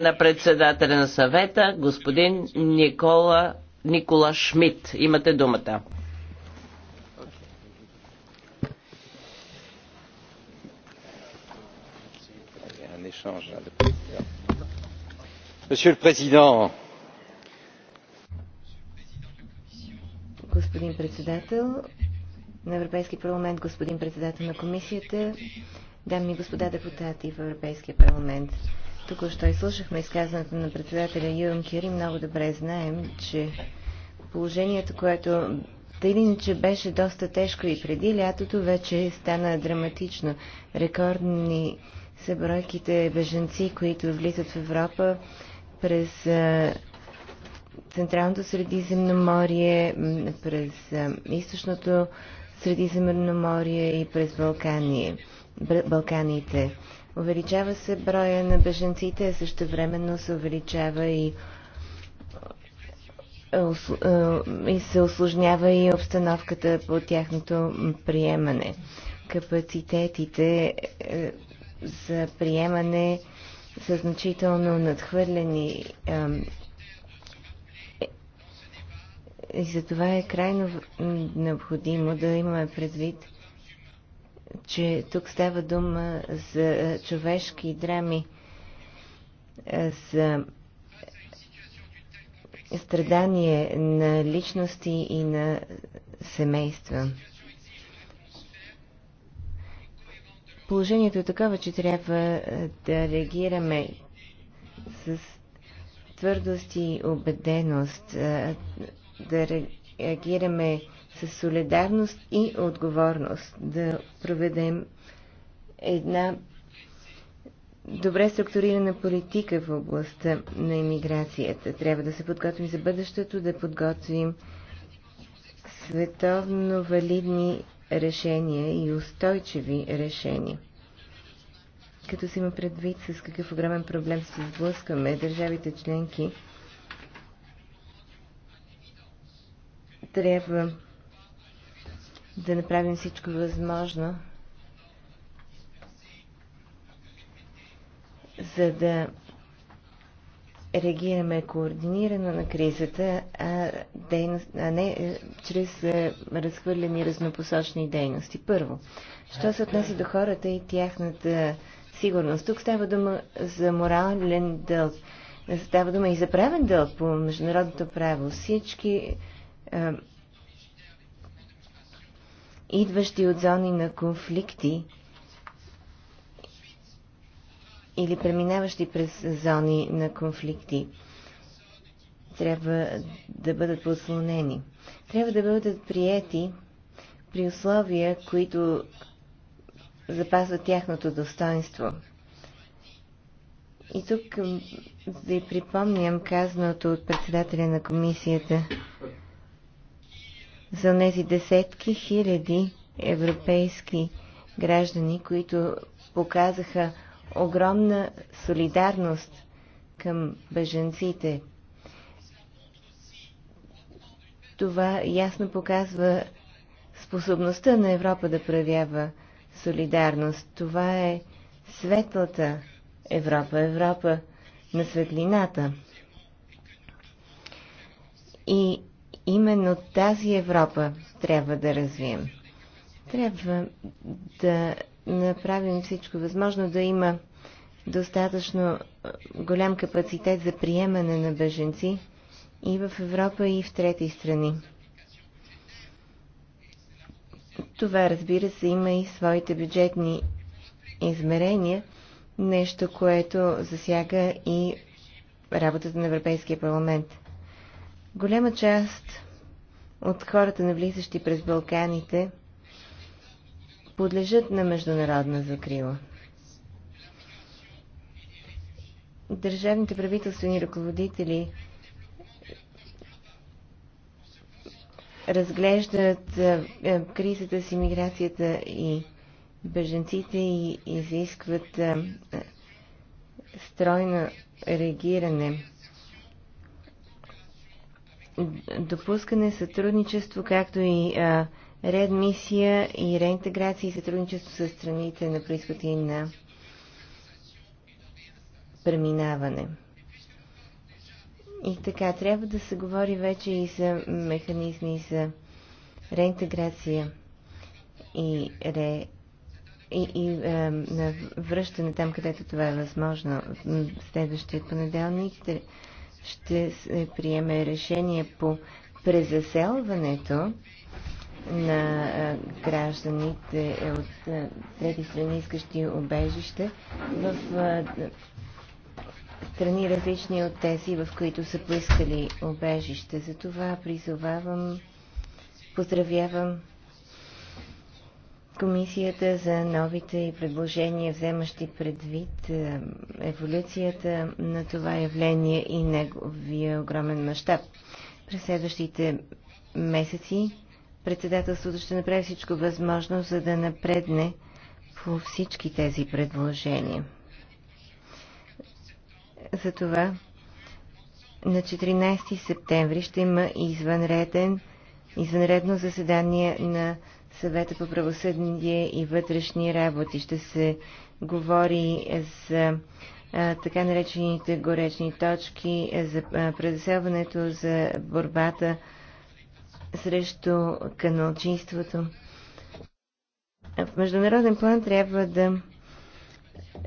на председателя на съвета, господин Никола, Никола Шмидт. Имате думата. Господин председател на Европейски парламент, господин председател на комисията, дами и господа депутати в Европейския парламент. Току-що изслушахме изказването на председателя Юнкер и много добре знаем, че положението, което тъй или иначе беше доста тежко и преди лятото, вече стана драматично. Рекордни са бройките беженци, които влизат в Европа през Централното Средиземноморие, през Източното Средиземноморие и през Балкани, Балканите. Увеличава се броя на беженците, а също времено се увеличава и е, е, и се осложнява и обстановката по тяхното приемане. Капацитетите е, за приемане са значително надхвърлени и за това е крайно необходимо да имаме предвид че тук става дума за е, човешки драми, е, за страдание на личности и на семейства. Положението е такова, че трябва е, да реагираме с твърдост и убеденост, да реагираме с солидарност и отговорност да проведем една добре структурирана политика в областта на иммиграцията. Трябва да се подготвим за бъдещето, да подготвим световно валидни решения и устойчиви решения. Като се има предвид с какъв огромен проблем се сблъскваме, държавите членки трябва да направим всичко възможно, за да реагираме координирано на кризата, а, дейност, а не чрез разхвърляни разнопосочни дейности. Първо, що се отнася до хората и тяхната сигурност? Тук става дума за морален дълг. Става дума и за правен дълг по международното право. Всички а, идващи от зони на конфликти или преминаващи през зони на конфликти трябва да бъдат подслонени. Трябва да бъдат приети при условия, които запазват тяхното достоинство. И тук да ви припомням казаното от председателя на комисията за тези десетки хиляди европейски граждани, които показаха огромна солидарност към беженците. Това ясно показва способността на Европа да проявява солидарност. Това е светлата Европа, Европа на светлината. И именно тази Европа трябва да развием. Трябва да направим всичко възможно да има достатъчно голям капацитет за приемане на беженци и в Европа, и в трети страни. Това, разбира се, има и своите бюджетни измерения, нещо, което засяга и работата на Европейския парламент. Голяма част от хората, навлизащи през Балканите, подлежат на международна закрила. Държавните правителствени ръководители разглеждат кризата с иммиграцията и беженците и изискват стройно реагиране допускане, сътрудничество, както и а, реадмисия и реинтеграция и сътрудничество с страните на происход и на преминаване. И така, трябва да се говори вече и за механизми за реинтеграция и, ре, и, и е, на връщане там, където това е възможно. Следващия понеделник ще се приеме решение по презаселването на гражданите от трети страни, искащи убежище в страни различни от тези, в които са поискали обежище. Затова призовавам, поздравявам комисията за новите и предложения, вземащи предвид е, еволюцията на това явление и неговия огромен мащаб. През следващите месеци председателството ще направи всичко възможно, за да напредне по всички тези предложения. Затова на 14 септември ще има извънреден, извънредно заседание на съвета по правосъдие и вътрешни работи. Ще се говори за така наречените горечни точки, за предоселването, за борбата срещу каналчинството. В международен план трябва да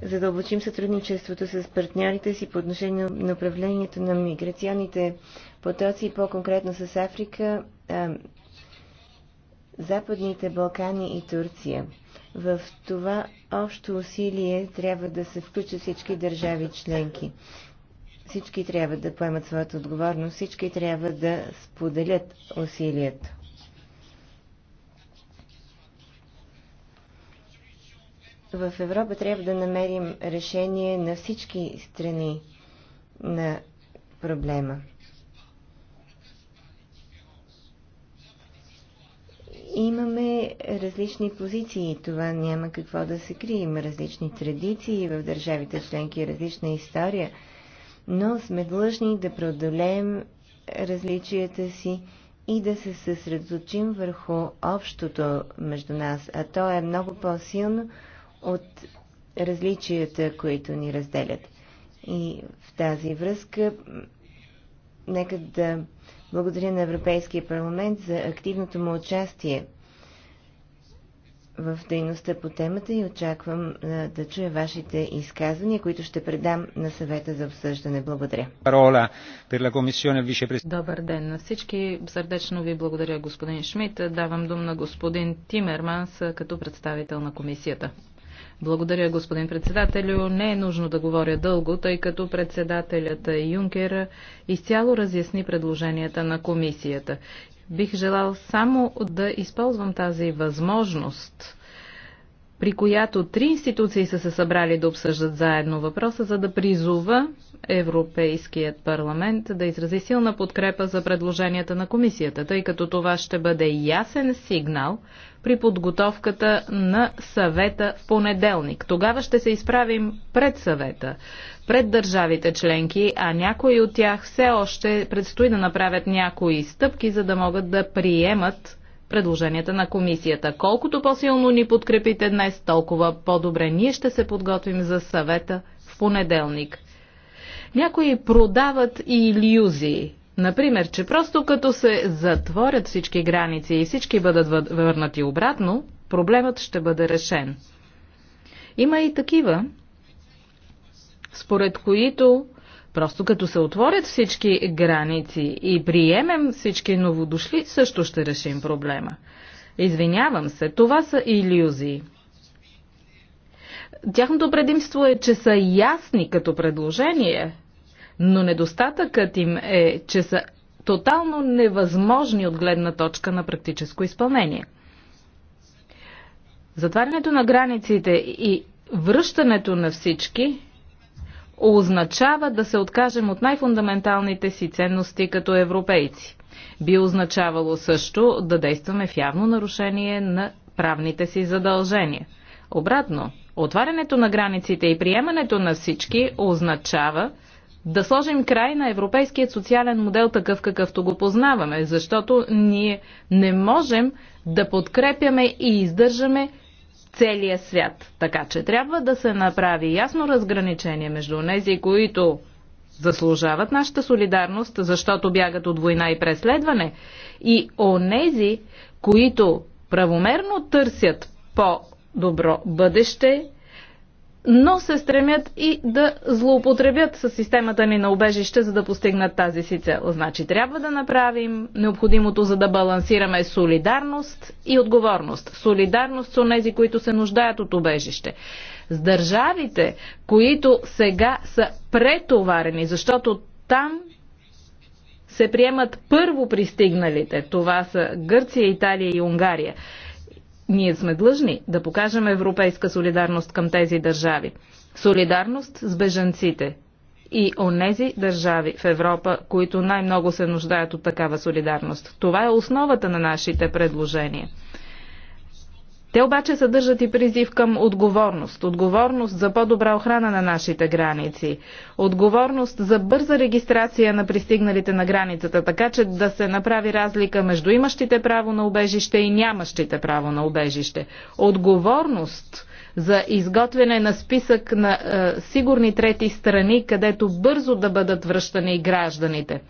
задълбочим сътрудничеството с партньорите си по отношение на управлението на миграционните потоци, по-конкретно с Африка, Западните Балкани и Турция. В това общо усилие трябва да се включат всички държави членки. Всички трябва да поемат своята отговорност, всички трябва да споделят усилието. В Европа трябва да намерим решение на всички страни на проблема. имаме различни позиции. Това няма какво да се крие. Има различни традиции в държавите членки, различна история. Но сме длъжни да преодолеем различията си и да се съсредоточим върху общото между нас, а то е много по-силно от различията, които ни разделят. И в тази връзка, нека да благодаря на Европейския парламент за активното му участие в дейността по темата и очаквам да чуя вашите изказвания, които ще предам на съвета за обсъждане. Благодаря. Добър ден на всички. Сърдечно ви благодаря, господин Шмидт. Давам дум на господин Тимерманс като представител на комисията. Благодаря, господин председателю. Не е нужно да говоря дълго, тъй като председателят Юнкер изцяло разясни предложенията на комисията. Бих желал само да използвам тази възможност при която три институции са се събрали да обсъждат заедно въпроса, за да призова Европейският парламент да изрази силна подкрепа за предложенията на комисията, тъй като това ще бъде ясен сигнал при подготовката на съвета в понеделник. Тогава ще се изправим пред съвета, пред държавите членки, а някои от тях все още предстои да направят някои стъпки, за да могат да приемат предложенията на комисията. Колкото по-силно ни подкрепите днес, толкова по-добре ние ще се подготвим за съвета в понеделник. Някои продават и иллюзии. Например, че просто като се затворят всички граници и всички бъдат върнати обратно, проблемът ще бъде решен. Има и такива, според които Просто като се отворят всички граници и приемем всички новодошли, също ще решим проблема. Извинявам се, това са иллюзии. Тяхното предимство е, че са ясни като предложение, но недостатъкът им е, че са тотално невъзможни от гледна точка на практическо изпълнение. Затварянето на границите и връщането на всички означава да се откажем от най-фундаменталните си ценности като европейци. Би означавало също да действаме в явно нарушение на правните си задължения. Обратно, отварянето на границите и приемането на всички означава да сложим край на европейският социален модел такъв какъвто го познаваме, защото ние не можем да подкрепяме и издържаме целия свят. Така че трябва да се направи ясно разграничение между тези, които заслужават нашата солидарност, защото бягат от война и преследване, и онези, които правомерно търсят по-добро бъдеще но се стремят и да злоупотребят с системата ни на убежище, за да постигнат тази си цел. Значи трябва да направим необходимото, за да балансираме солидарност и отговорност. Солидарност с онези, които се нуждаят от убежище. С държавите, които сега са претоварени, защото там се приемат първо пристигналите. Това са Гърция, Италия и Унгария. Ние сме длъжни да покажем европейска солидарност към тези държави. Солидарност с бежанците и онези държави в Европа, които най-много се нуждаят от такава солидарност. Това е основата на нашите предложения. Те обаче съдържат и призив към отговорност. Отговорност за по-добра охрана на нашите граници. Отговорност за бърза регистрация на пристигналите на границата, така че да се направи разлика между имащите право на убежище и нямащите право на убежище. Отговорност за изготвяне на списък на е, сигурни трети страни, където бързо да бъдат връщани гражданите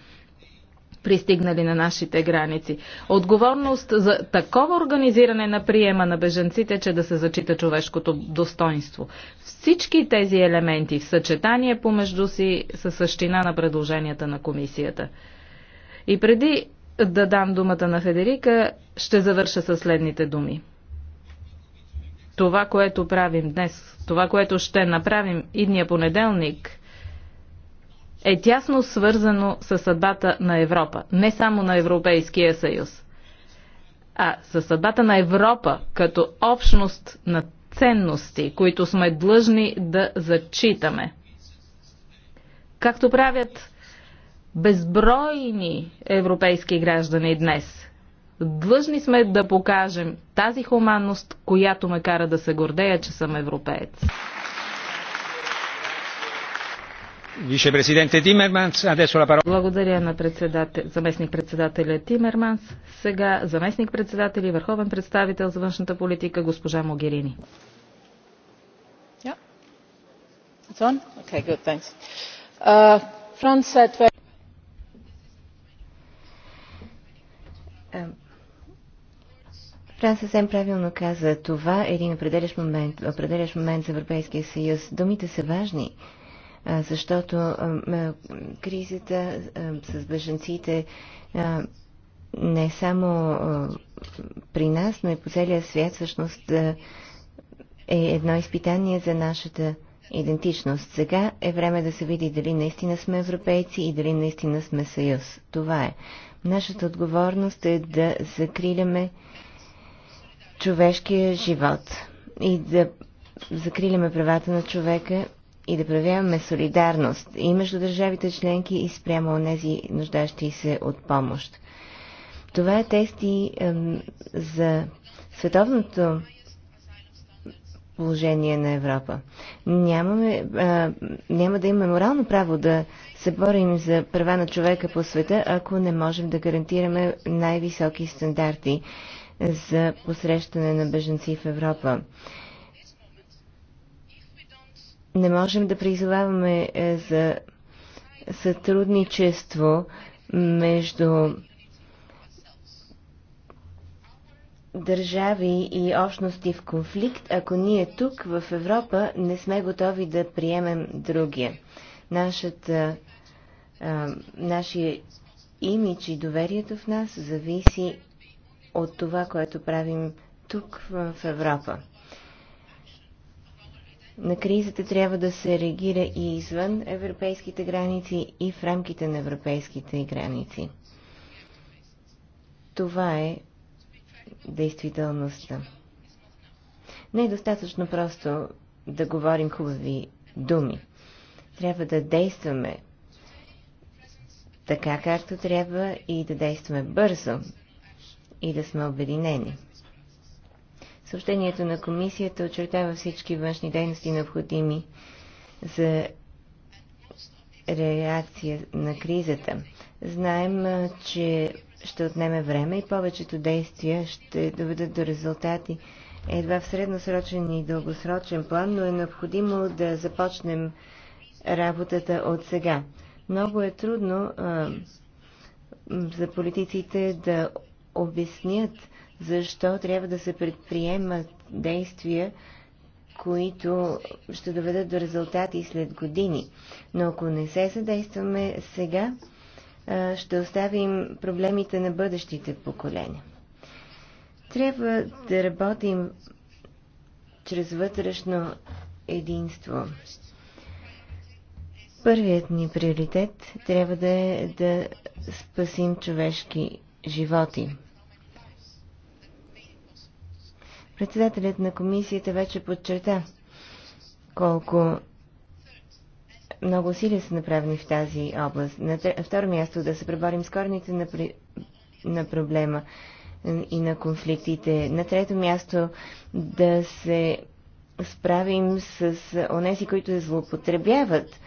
пристигнали на нашите граници. Отговорност за такова организиране на приема на беженците, че да се зачита човешкото достоинство. Всички тези елементи в съчетание помежду си са същина на предложенията на комисията. И преди да дам думата на Федерика, ще завърша със следните думи. Това, което правим днес, това, което ще направим идния понеделник – е тясно свързано с съдбата на Европа, не само на Европейския съюз, а с съдбата на Европа като общност на ценности, които сме длъжни да зачитаме. Както правят безбройни европейски граждани днес. Длъжни сме да покажем тази хуманност, която ме кара да се гордея, че съм европеец вице Благодаря на заместник-председателя Тимерманс. Сега заместник-председател и върховен представител за външната политика госпожа Могерини. Yeah. Okay, good, Uh, France, uh, е, Фран съвсем правилно каза, това е един определящ момент, определящ момент за Европейския съюз. Думите са важни защото кризата с бежанците не само при нас, но и по целия свят всъщност е едно изпитание за нашата идентичност. Сега е време да се види дали наистина сме европейци и дали наистина сме съюз. Това е. Нашата отговорност е да закриляме човешкия живот и да закриляме правата на човека и да проявяваме солидарност и между държавите членки и спрямо тези нуждащи се от помощ. Това е тест и за световното положение на Европа. Нямаме, а, няма да имаме морално право да се борим за права на човека по света, ако не можем да гарантираме най-високи стандарти за посрещане на беженци в Европа не можем да призоваваме е, за сътрудничество между държави и общности в конфликт, ако ние тук в Европа не сме готови да приемем другия. Нашата, а, нашия имидж и доверието в нас зависи от това, което правим тук в Европа. На кризата трябва да се реагира и извън европейските граници, и в рамките на европейските граници. Това е действителността. Не е достатъчно просто да говорим хубави думи. Трябва да действаме така, както трябва и да действаме бързо и да сме обединени. Съобщението на комисията очертава всички външни дейности, необходими за реакция на кризата. Знаем, че ще отнеме време и повечето действия ще доведат до резултати едва в средносрочен и дългосрочен план, но е необходимо да започнем работата от сега. Много е трудно а, за политиците да обяснят защо трябва да се предприемат действия, които ще доведат до резултати след години. Но ако не се съдействаме сега, ще оставим проблемите на бъдещите поколения. Трябва да работим чрез вътрешно единство. Първият ни приоритет трябва да е да спасим човешки животи. Председателят на комисията вече подчерта колко много усилия са направени в тази област. На второ място да се преборим с корените на, при... на проблема и на конфликтите. На трето място да се справим с онези, които злоупотребяват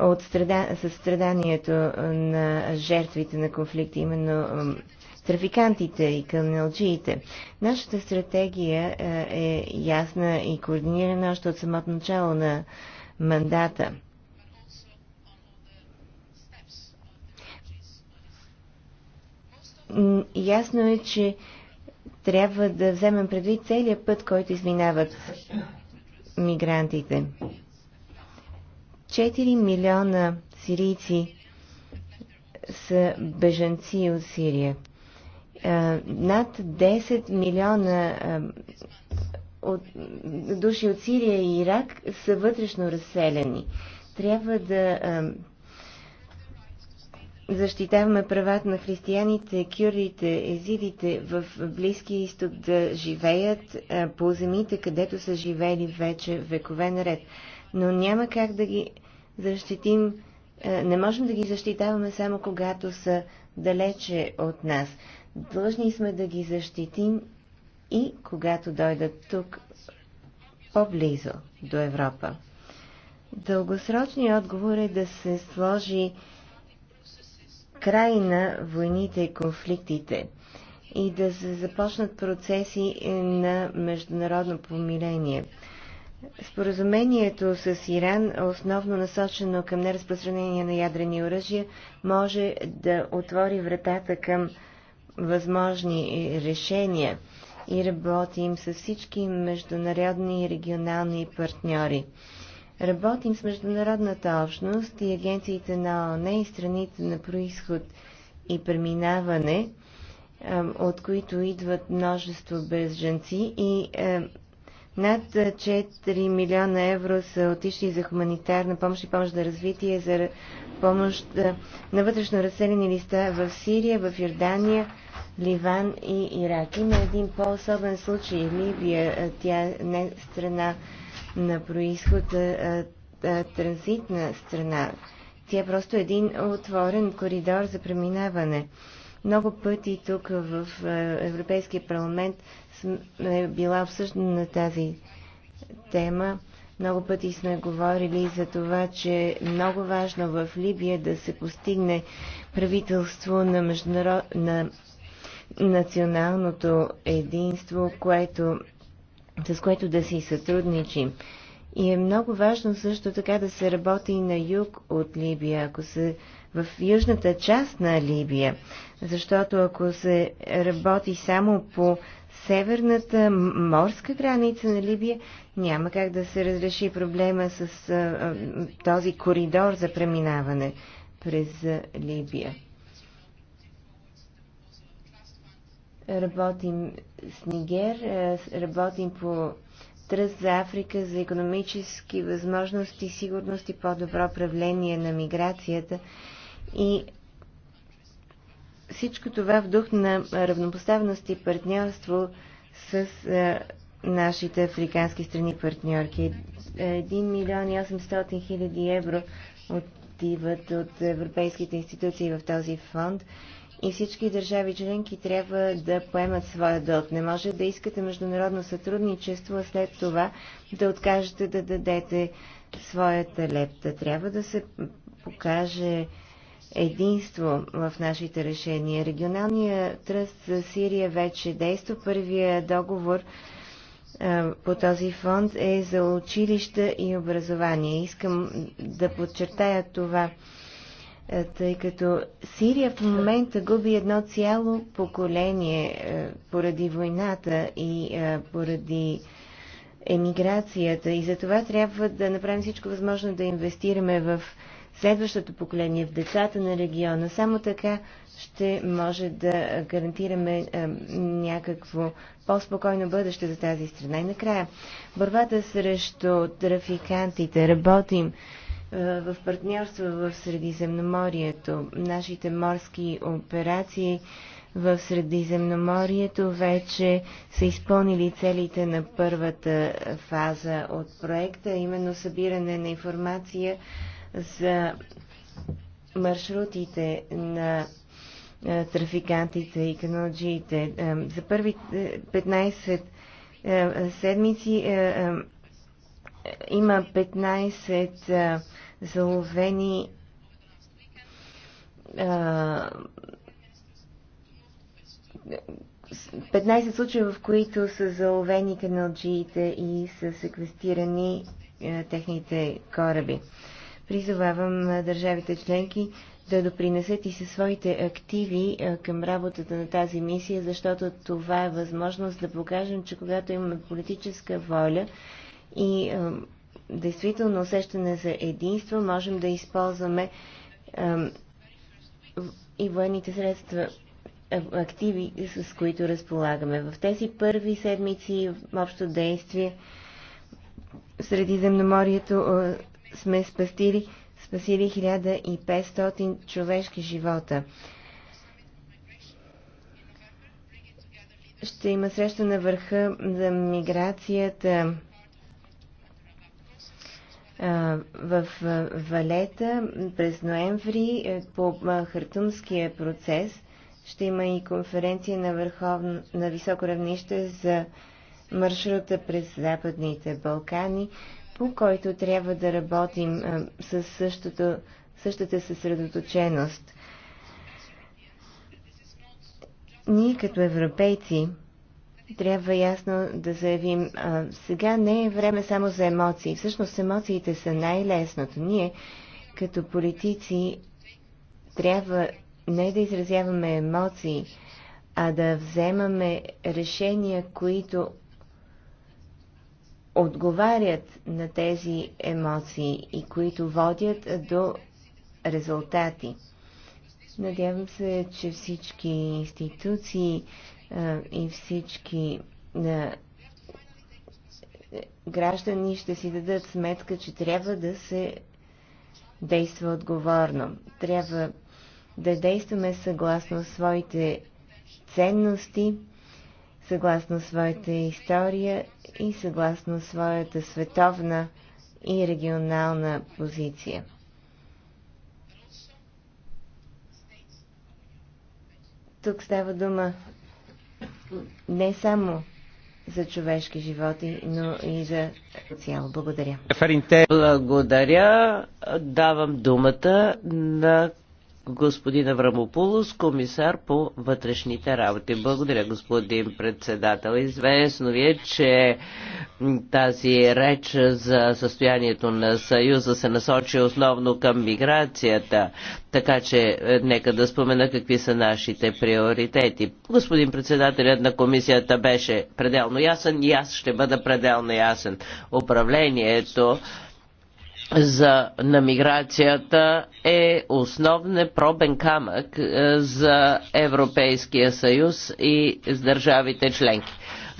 от страда... страданието на жертвите на конфликти, именно трафикантите и кълнелджиите. Нашата стратегия е, е ясна и координирана още от самото начало на мандата. Ясно е, че трябва да вземем предвид целият път, който изминават мигрантите. 4 милиона сирийци са бежанци от Сирия. Е, над 10 милиона е, от, души от Сирия и Ирак са вътрешно разселени. Трябва да е, защитаваме правата на християните, кюрдите, езидите в Близкия изток да живеят по земите, където са живели вече векове наред. Но няма как да ги защитим, не можем да ги защитаваме само когато са далече от нас. Длъжни сме да ги защитим и когато дойдат тук по-близо до Европа. Дългосрочният отговор е да се сложи край на войните и конфликтите и да се започнат процеси на международно помиление. Споразумението с Иран, основно насочено към неразпространение на ядрени оръжия, може да отвори вратата към възможни решения и работим с всички международни и регионални партньори. Работим с международната общност и агенциите на ООН и страните на происход и преминаване, от които идват множество безженци и над 4 милиона евро са отишли за хуманитарна помощ и помощ за развитие, за помощ на вътрешно разселени листа в Сирия, в Йордания, Ливан и Ирак. Има един по-особен случай. Либия, тя не е страна на происход, а, а, транзитна страна. Тя е просто един отворен коридор за преминаване. Много пъти тук в Европейския парламент е била обсъждана на тази тема. Много пъти сме говорили за това, че е много важно в Либия да се постигне правителство на, международ... на националното единство, което, с което да си сътрудничим. И е много важно също така да се работи и на юг от Либия, ако се в южната част на Либия, защото ако се работи само по северната морска граница на Либия, няма как да се разреши проблема с а, а, този коридор за преминаване през Либия. Работим с Нигер, е, работим по Тръст за Африка за економически възможности, сигурност и по-добро правление на миграцията. И всичко това в дух на равнопоставеност и партньорство с е, нашите африкански страни партньорки. 1 милион и 800 хиляди евро отиват от европейските институции в този фонд и всички държави членки трябва да поемат своя дълг. Не може да искате международно сътрудничество, а след това да откажете да дадете своята лепта. Трябва да се покаже единство в нашите решения. Регионалният тръст за Сирия вече действа. Първия договор по този фонд е за училища и образование. Искам да подчертая това е, тъй като Сирия в момента губи едно цяло поколение е, поради войната и е, поради емиграцията и за това трябва да направим всичко възможно да инвестираме в следващото поколение, в децата на региона. Само така ще може да гарантираме някакво по-спокойно бъдеще за тази страна. И накрая, борбата срещу трафикантите. Работим е, в партньорство в Средиземноморието. Нашите морски операции в Средиземноморието вече са изпълнили целите на първата фаза от проекта, именно събиране на информация за маршрутите на е, трафикантите и каналджиите. Е, за първите 15 седмици има 15 заловени а, 15 случая, в които са заловени каналджиите и са секвестирани а, техните кораби. Призовавам държавите членки да допринесат и със своите активи към работата на тази мисия, защото това е възможност да покажем, че когато имаме политическа воля и действително усещане за единство можем да използваме и военните средства, активи, с които разполагаме. В тези първи седмици в общо действие в Средиземноморието сме спастили, спасили 1500 човешки живота. Ще има среща на върха за миграцията в Валета през ноември е, по Хартумския процес. Ще има и конференция на, върховно, на високо равнище за маршрута през Западните Балкани, по който трябва да работим със същото, същата съсредоточеност. Ние като европейци трябва ясно да заявим, а, сега не е време само за емоции. Всъщност емоциите са най-лесното. Ние, като политици, трябва не да изразяваме емоции, а да вземаме решения, които отговарят на тези емоции и които водят до резултати. Надявам се, че всички институции, и всички граждани ще си дадат сметка, че трябва да се действа отговорно. Трябва да действаме съгласно своите ценности, съгласно своята история и съгласно своята световна и регионална позиция. Тук става дума не само за човешки животи, но и за цяло. Благодаря. Благодаря. Давам думата на господин Аврамопулос, комисар по вътрешните работи. Благодаря, господин председател. Известно ви е, че тази реч за състоянието на Съюза се насочи основно към миграцията, така че е, нека да спомена какви са нашите приоритети. Господин председателят на комисията беше пределно ясен и аз ще бъда пределно ясен. Управлението за, на миграцията е основен пробен камък е, за Европейския съюз и с държавите членки.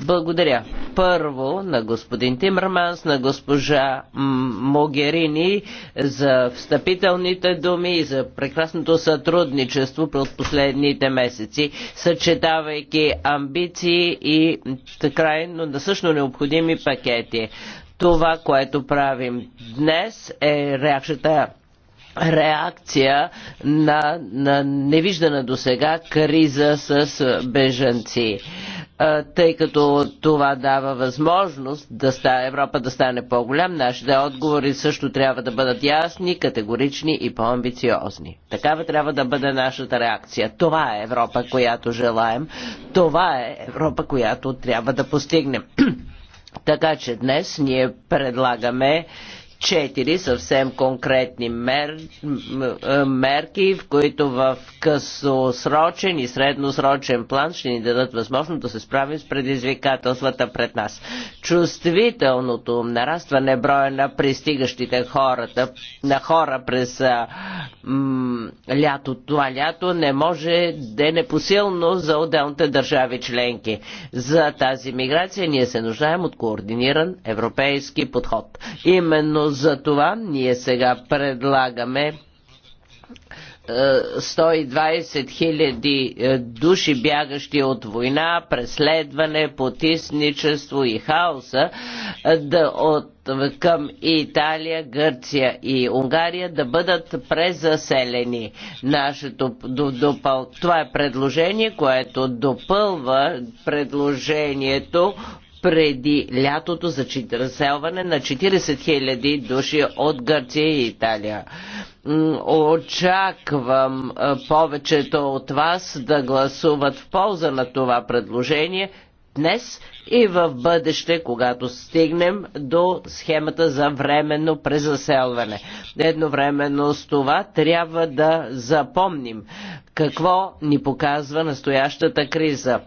Благодаря първо на господин Тимърманс, на госпожа Могерини за встъпителните думи и за прекрасното сътрудничество през последните месеци, съчетавайки амбиции и крайно да също необходими пакети. Това, което правим днес е реакцията реакция на, на невиждана до сега криза с беженци. Тъй като това дава възможност да ста, Европа да стане по-голям, нашите отговори също трябва да бъдат ясни, категорични и по-амбициозни. Такава трябва да бъде нашата реакция. Това е Европа, която желаем. Това е Европа, която трябва да постигнем. Така че днес ние предлагаме четири съвсем конкретни мер, е, мерки, в които в късосрочен и средносрочен план ще ни дадат възможност да се справим с предизвикателствата пред нас. Чувствителното нарастване броя на пристигащите хората, на хора през м, лято, това лято не може да е непосилно за отделните държави членки. За тази миграция ние се нуждаем от координиран европейски подход. Именно за това ние сега предлагаме 120 е, хиляди е, души бягащи от война, преследване, потисничество и хаоса е, да от, към Италия, Гърция и Унгария да бъдат презаселени. Нашето допъл... Това е предложение, което допълва предложението преди лятото за разселване на 40 000 души от Гърция и Италия. Очаквам повечето от вас да гласуват в полза на това предложение днес и в бъдеще, когато стигнем до схемата за временно презаселване. Едновременно с това трябва да запомним какво ни показва настоящата криза.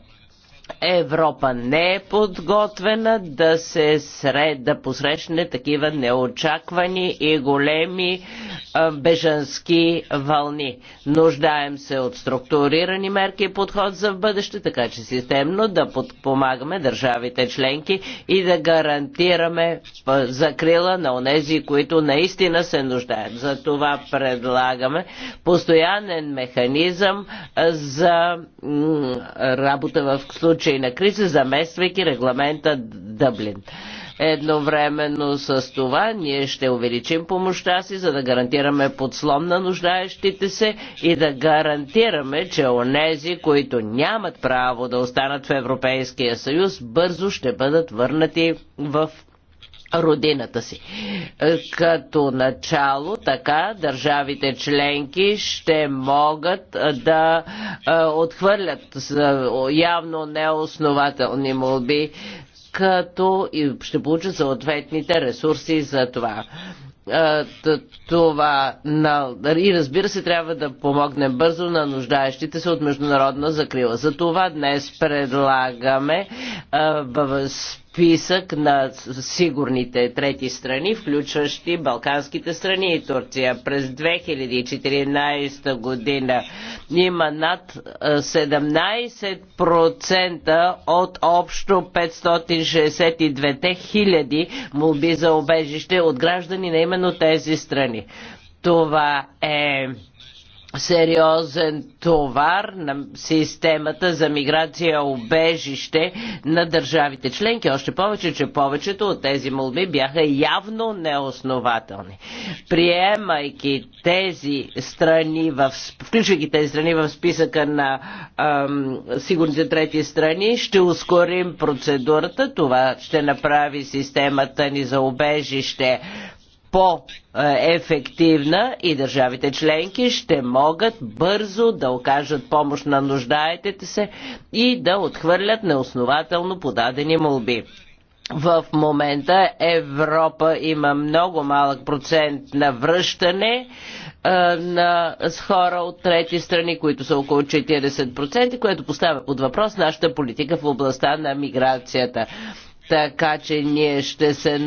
Европа не е подготвена да се сред, да посрещне такива неочаквани и големи а, бежански вълни. Нуждаем се от структурирани мерки и подход за в бъдеще, така че системно да подпомагаме държавите членки и да гарантираме закрила на онези, които наистина се нуждаят. За това предлагаме постоянен механизъм за работа в случай случай на криза, замествайки регламента Дъблин. Едновременно с това ние ще увеличим помощта си, за да гарантираме подслон на нуждаещите се и да гарантираме, че онези, които нямат право да останат в Европейския съюз, бързо ще бъдат върнати в родината си. Е, като начало така държавите членки ще могат е, да е, отхвърлят явно неоснователни молби, като и ще получат съответните ресурси за това това на... и разбира се трябва да помогне бързо на нуждаещите се от международна закрила. За това днес предлагаме списък на сигурните трети страни, включващи Балканските страни и Турция. През 2014 година има над 17% от общо 562 хиляди молби за обежище от граждани на именно тези страни. Това е сериозен товар на системата за миграция обежище на държавите членки. Още повече, че повечето от тези молби бяха явно неоснователни. Приемайки тези страни, в, включвайки тези страни в списъка на ам, сигурните трети страни, ще ускорим процедурата. Това ще направи системата ни за обежище по-ефективна и държавите членки ще могат бързо да окажат помощ на нуждаетите се и да отхвърлят неоснователно подадени молби. В момента Европа има много малък процент на връщане на, хора от трети страни, които са около 40%, което поставя под въпрос нашата политика в областта на миграцията. Така че ние ще се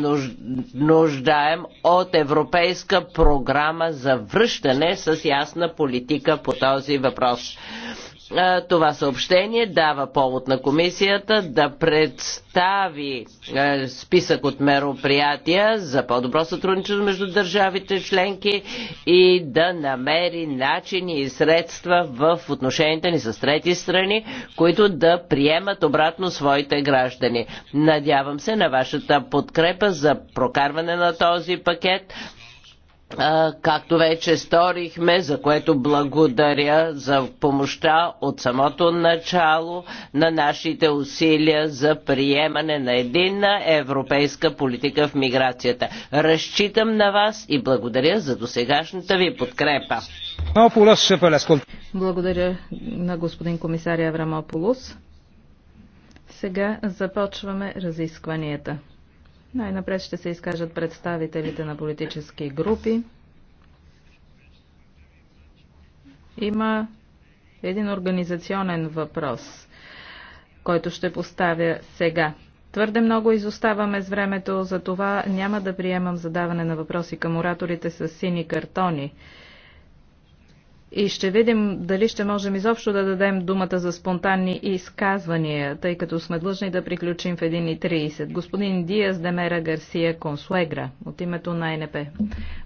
нуждаем от европейска програма за връщане с ясна политика по този въпрос това съобщение дава повод на комисията да представи списък от мероприятия за по-добро сътрудничество между държавите членки и да намери начини и средства в отношенията ни с трети страни, които да приемат обратно своите граждани. Надявам се на вашата подкрепа за прокарване на този пакет, както вече сторихме, за което благодаря за помощта от самото начало на нашите усилия за приемане на единна европейска политика в миграцията. Разчитам на вас и благодаря за досегашната ви подкрепа. Благодаря на господин комисар Аврамополус. Сега започваме разискванията. Най-напред ще се изкажат представителите на политически групи. Има един организационен въпрос, който ще поставя сега. Твърде много изоставаме с времето, за това няма да приемам задаване на въпроси към ораторите с сини картони и ще видим дали ще можем изобщо да дадем думата за спонтанни изказвания, тъй като сме длъжни да приключим в 1.30. Господин Диас Демера Гарсия Консуегра от името на НП.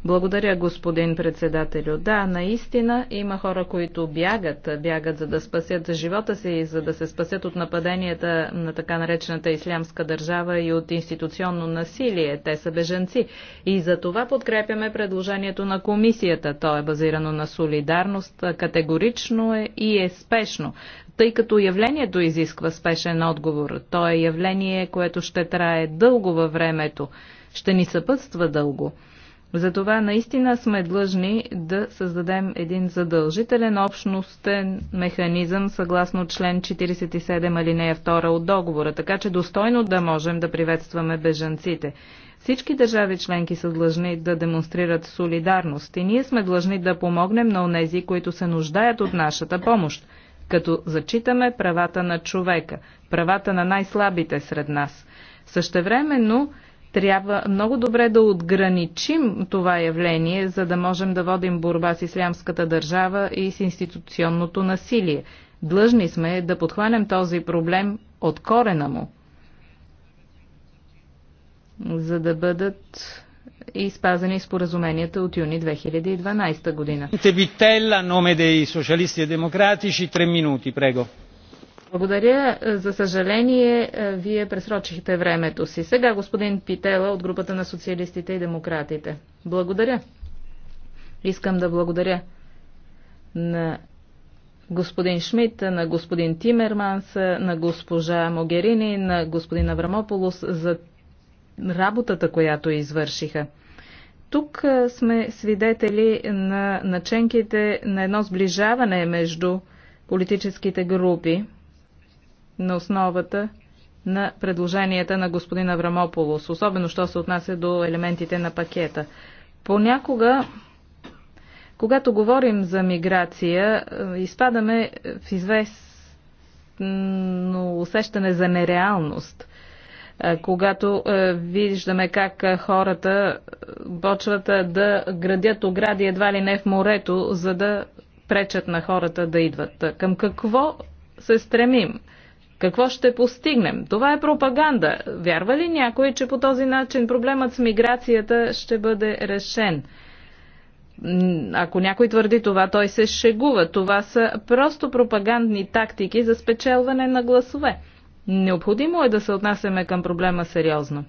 Благодаря, господин председателю. Да, наистина има хора, които бягат, бягат за да спасят живота си и за да се спасят от нападенията на така наречената ислямска държава и от институционно насилие. Те са беженци. И за това подкрепяме предложението на комисията. То е базирано на солидарност солидарност категорично е и е спешно, тъй като явлението изисква спешен отговор. То е явление, което ще трае дълго във времето, ще ни съпътства дълго. Затова наистина сме длъжни да създадем един задължителен общностен механизъм съгласно член 47 алинея 2 от договора, така че достойно да можем да приветстваме бежанците всички държави членки са длъжни да демонстрират солидарност и ние сме длъжни да помогнем на онези, които се нуждаят от нашата помощ, като зачитаме правата на човека, правата на най-слабите сред нас. Същевременно трябва много добре да отграничим това явление, за да можем да водим борба с ислямската държава и с институционното насилие. Длъжни сме да подхванем този проблем от корена му за да бъдат и спазени споразуменията от юни 2012 година. Вителла, номе дei социалисти и демократичи, 3 минути, прего. Благодаря. За съжаление, е, вие пресрочихте времето си. Сега господин Питела от групата на социалистите и демократите. Благодаря. Искам да благодаря на господин Шмидт, на господин Тимерманс, на госпожа Могерини, на господин Аврамополос за работата, която извършиха. Тук сме свидетели на наченките на едно сближаване между политическите групи на основата на предложенията на господин Аврамополос, особено що се отнася до елементите на пакета. Понякога, когато говорим за миграция, изпадаме в известно усещане за нереалност – е, когато е, виждаме как е, хората почват да градят огради едва ли не в морето, за да пречат на хората да идват. Към какво се стремим? Какво ще постигнем? Това е пропаганда. Вярва ли някой, че по този начин проблемът с миграцията ще бъде решен? Ако някой твърди това, той се шегува. Това са просто пропагандни тактики за спечелване на гласове. Необходимо е да се отнасяме към проблема сериозно.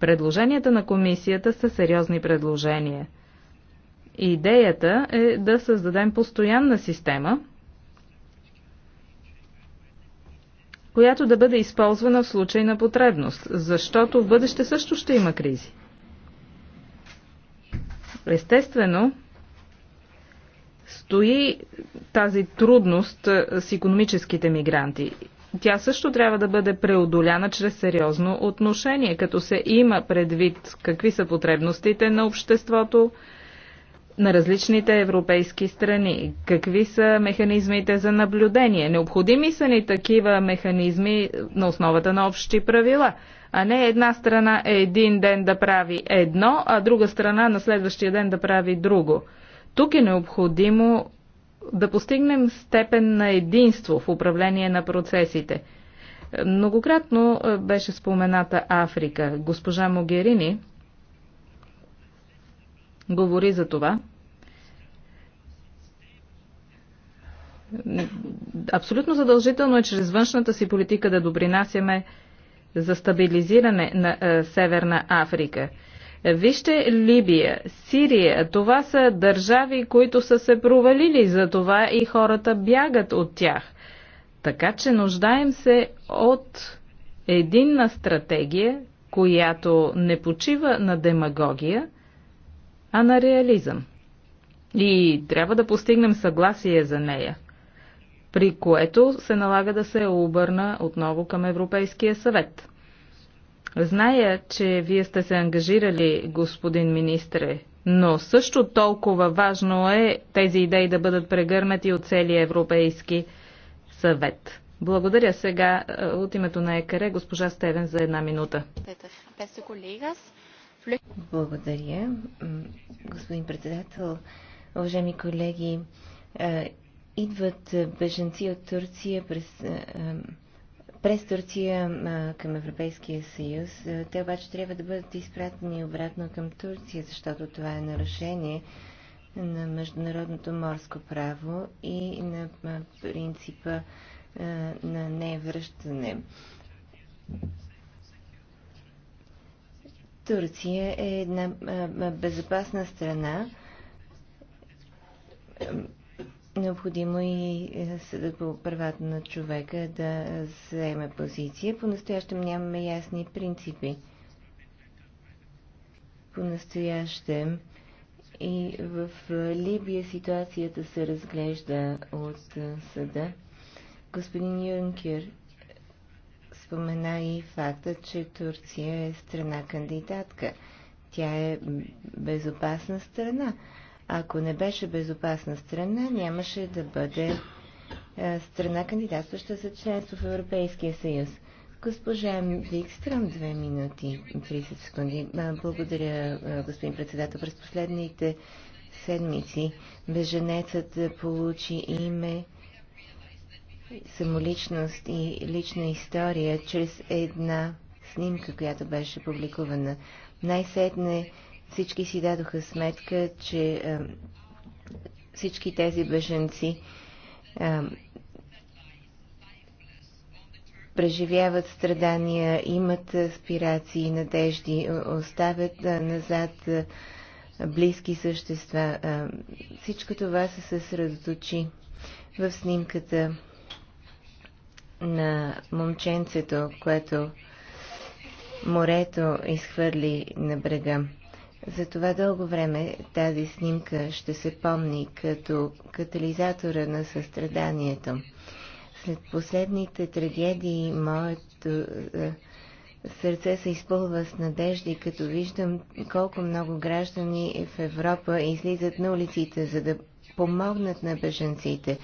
Предложенията на комисията са сериозни предложения. Идеята е да създадем постоянна система, която да бъде използвана в случай на потребност, защото в бъдеще също ще има кризи. Естествено, стои тази трудност с економическите мигранти тя също трябва да бъде преодоляна чрез сериозно отношение, като се има предвид какви са потребностите на обществото, на различните европейски страни. Какви са механизмите за наблюдение? Необходими са ни такива механизми на основата на общи правила, а не една страна е един ден да прави едно, а друга страна на следващия ден да прави друго. Тук е необходимо да постигнем степен на единство в управление на процесите. Многократно е, беше спомената Африка. Госпожа Могерини говори за това. Абсолютно задължително е чрез външната си политика да допринасяме за стабилизиране на е, Северна Африка. Вижте Либия, Сирия, това са държави, които са се провалили, за това и хората бягат от тях. Така че нуждаем се от единна стратегия, която не почива на демагогия, а на реализъм. И трябва да постигнем съгласие за нея, при което се налага да се обърна отново към Европейския съвет – Зная, че вие сте се ангажирали, господин министре, но също толкова важно е тези идеи да бъдат прегърнати от целия Европейски съвет. Благодаря сега е, от името на ЕКР госпожа Стевен за една минута. Благодаря, господин председател. Уважаеми колеги, е, идват беженци от Турция през е, през Турция към Европейския съюз. Те обаче трябва да бъдат изпратени обратно към Турция, защото това е нарушение на международното морско право и на принципа на невръщане. Турция е една безопасна страна Необходимо и е, съдът по правата на човека да заеме позиция. По-настоящем нямаме ясни принципи. По-настоящем и в е, Либия ситуацията се разглежда от е, съда. Господин Юнкер спомена и факта, че Турция е страна кандидатка. Тя е безопасна страна. Ако не беше безопасна страна, нямаше да бъде е, страна кандидатстваща за членство в Европейския съюз. Госпожа Викстрам, две минути и 30 секунди. Благодаря, господин председател. През последните седмици беженецът получи име, самоличност и лична история чрез една снимка, която беше публикувана. Най-сетне всички си дадоха сметка, че е, всички тези беженци е, преживяват страдания, имат аспирации, надежди, е, оставят назад близки същества. Всичко това се съсредоточи в снимката на момченцето, което морето изхвърли на брега. Затова дълго време тази снимка ще се помни като катализатора на състраданието. След последните трагедии моето е, сърце се изпълва с надежди, като виждам колко много граждани в Европа излизат на улиците, за да помогнат на беженците.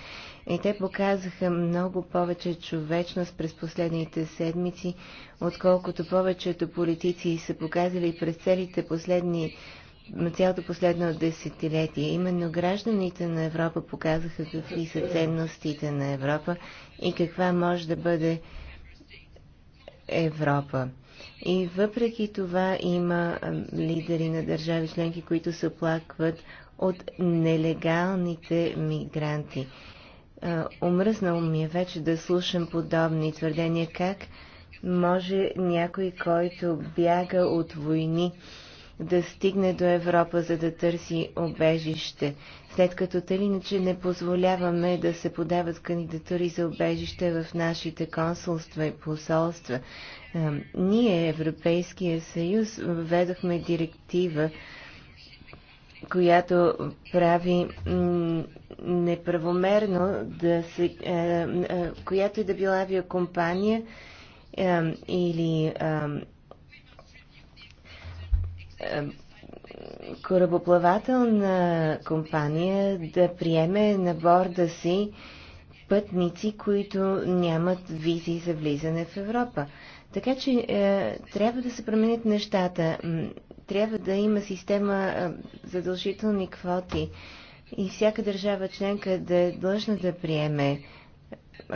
И те показаха много повече човечност през последните седмици, отколкото повечето политици са показали през целите последни цялото последно десетилетие. Именно гражданите на Европа показаха какви са ценностите на Европа и каква може да бъде Европа. И въпреки това има лидери на държави членки, които се оплакват от нелегалните мигранти. Омръзнало ми е вече да слушам подобни твърдения, как може някой, който бяга от войни, да стигне до Европа, за да търси обежище, след като те иначе не позволяваме да се подават кандидатури за обежище в нашите консулства и посолства. Ние, Европейския съюз, введохме директива която прави неправомерно да се, е, е, която и е да била авиакомпания е, или корабоплавателна компания да приеме на борда си пътници, които нямат визи за влизане в Европа. Така че е, трябва да се променят нещата трябва да има система задължителни квоти и всяка държава членка да е длъжна да приеме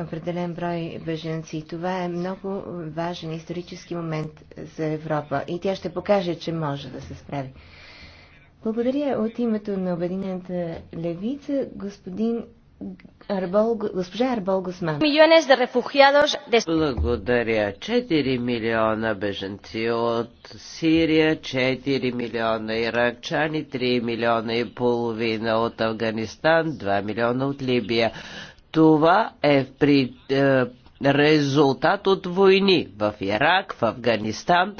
определен брой беженци. Това е много важен исторически момент за Европа и тя ще покаже, че може да се справи. Благодаря от името на Обединената левица господин Арбол, госпожа Арбол Гусман. Благодаря. 4 милиона беженци от Сирия, 4 милиона иракчани, 3 милиона и половина от Афганистан, 2 милиона от Либия. Това е при, е, резултат от войни в Ирак, в Афганистан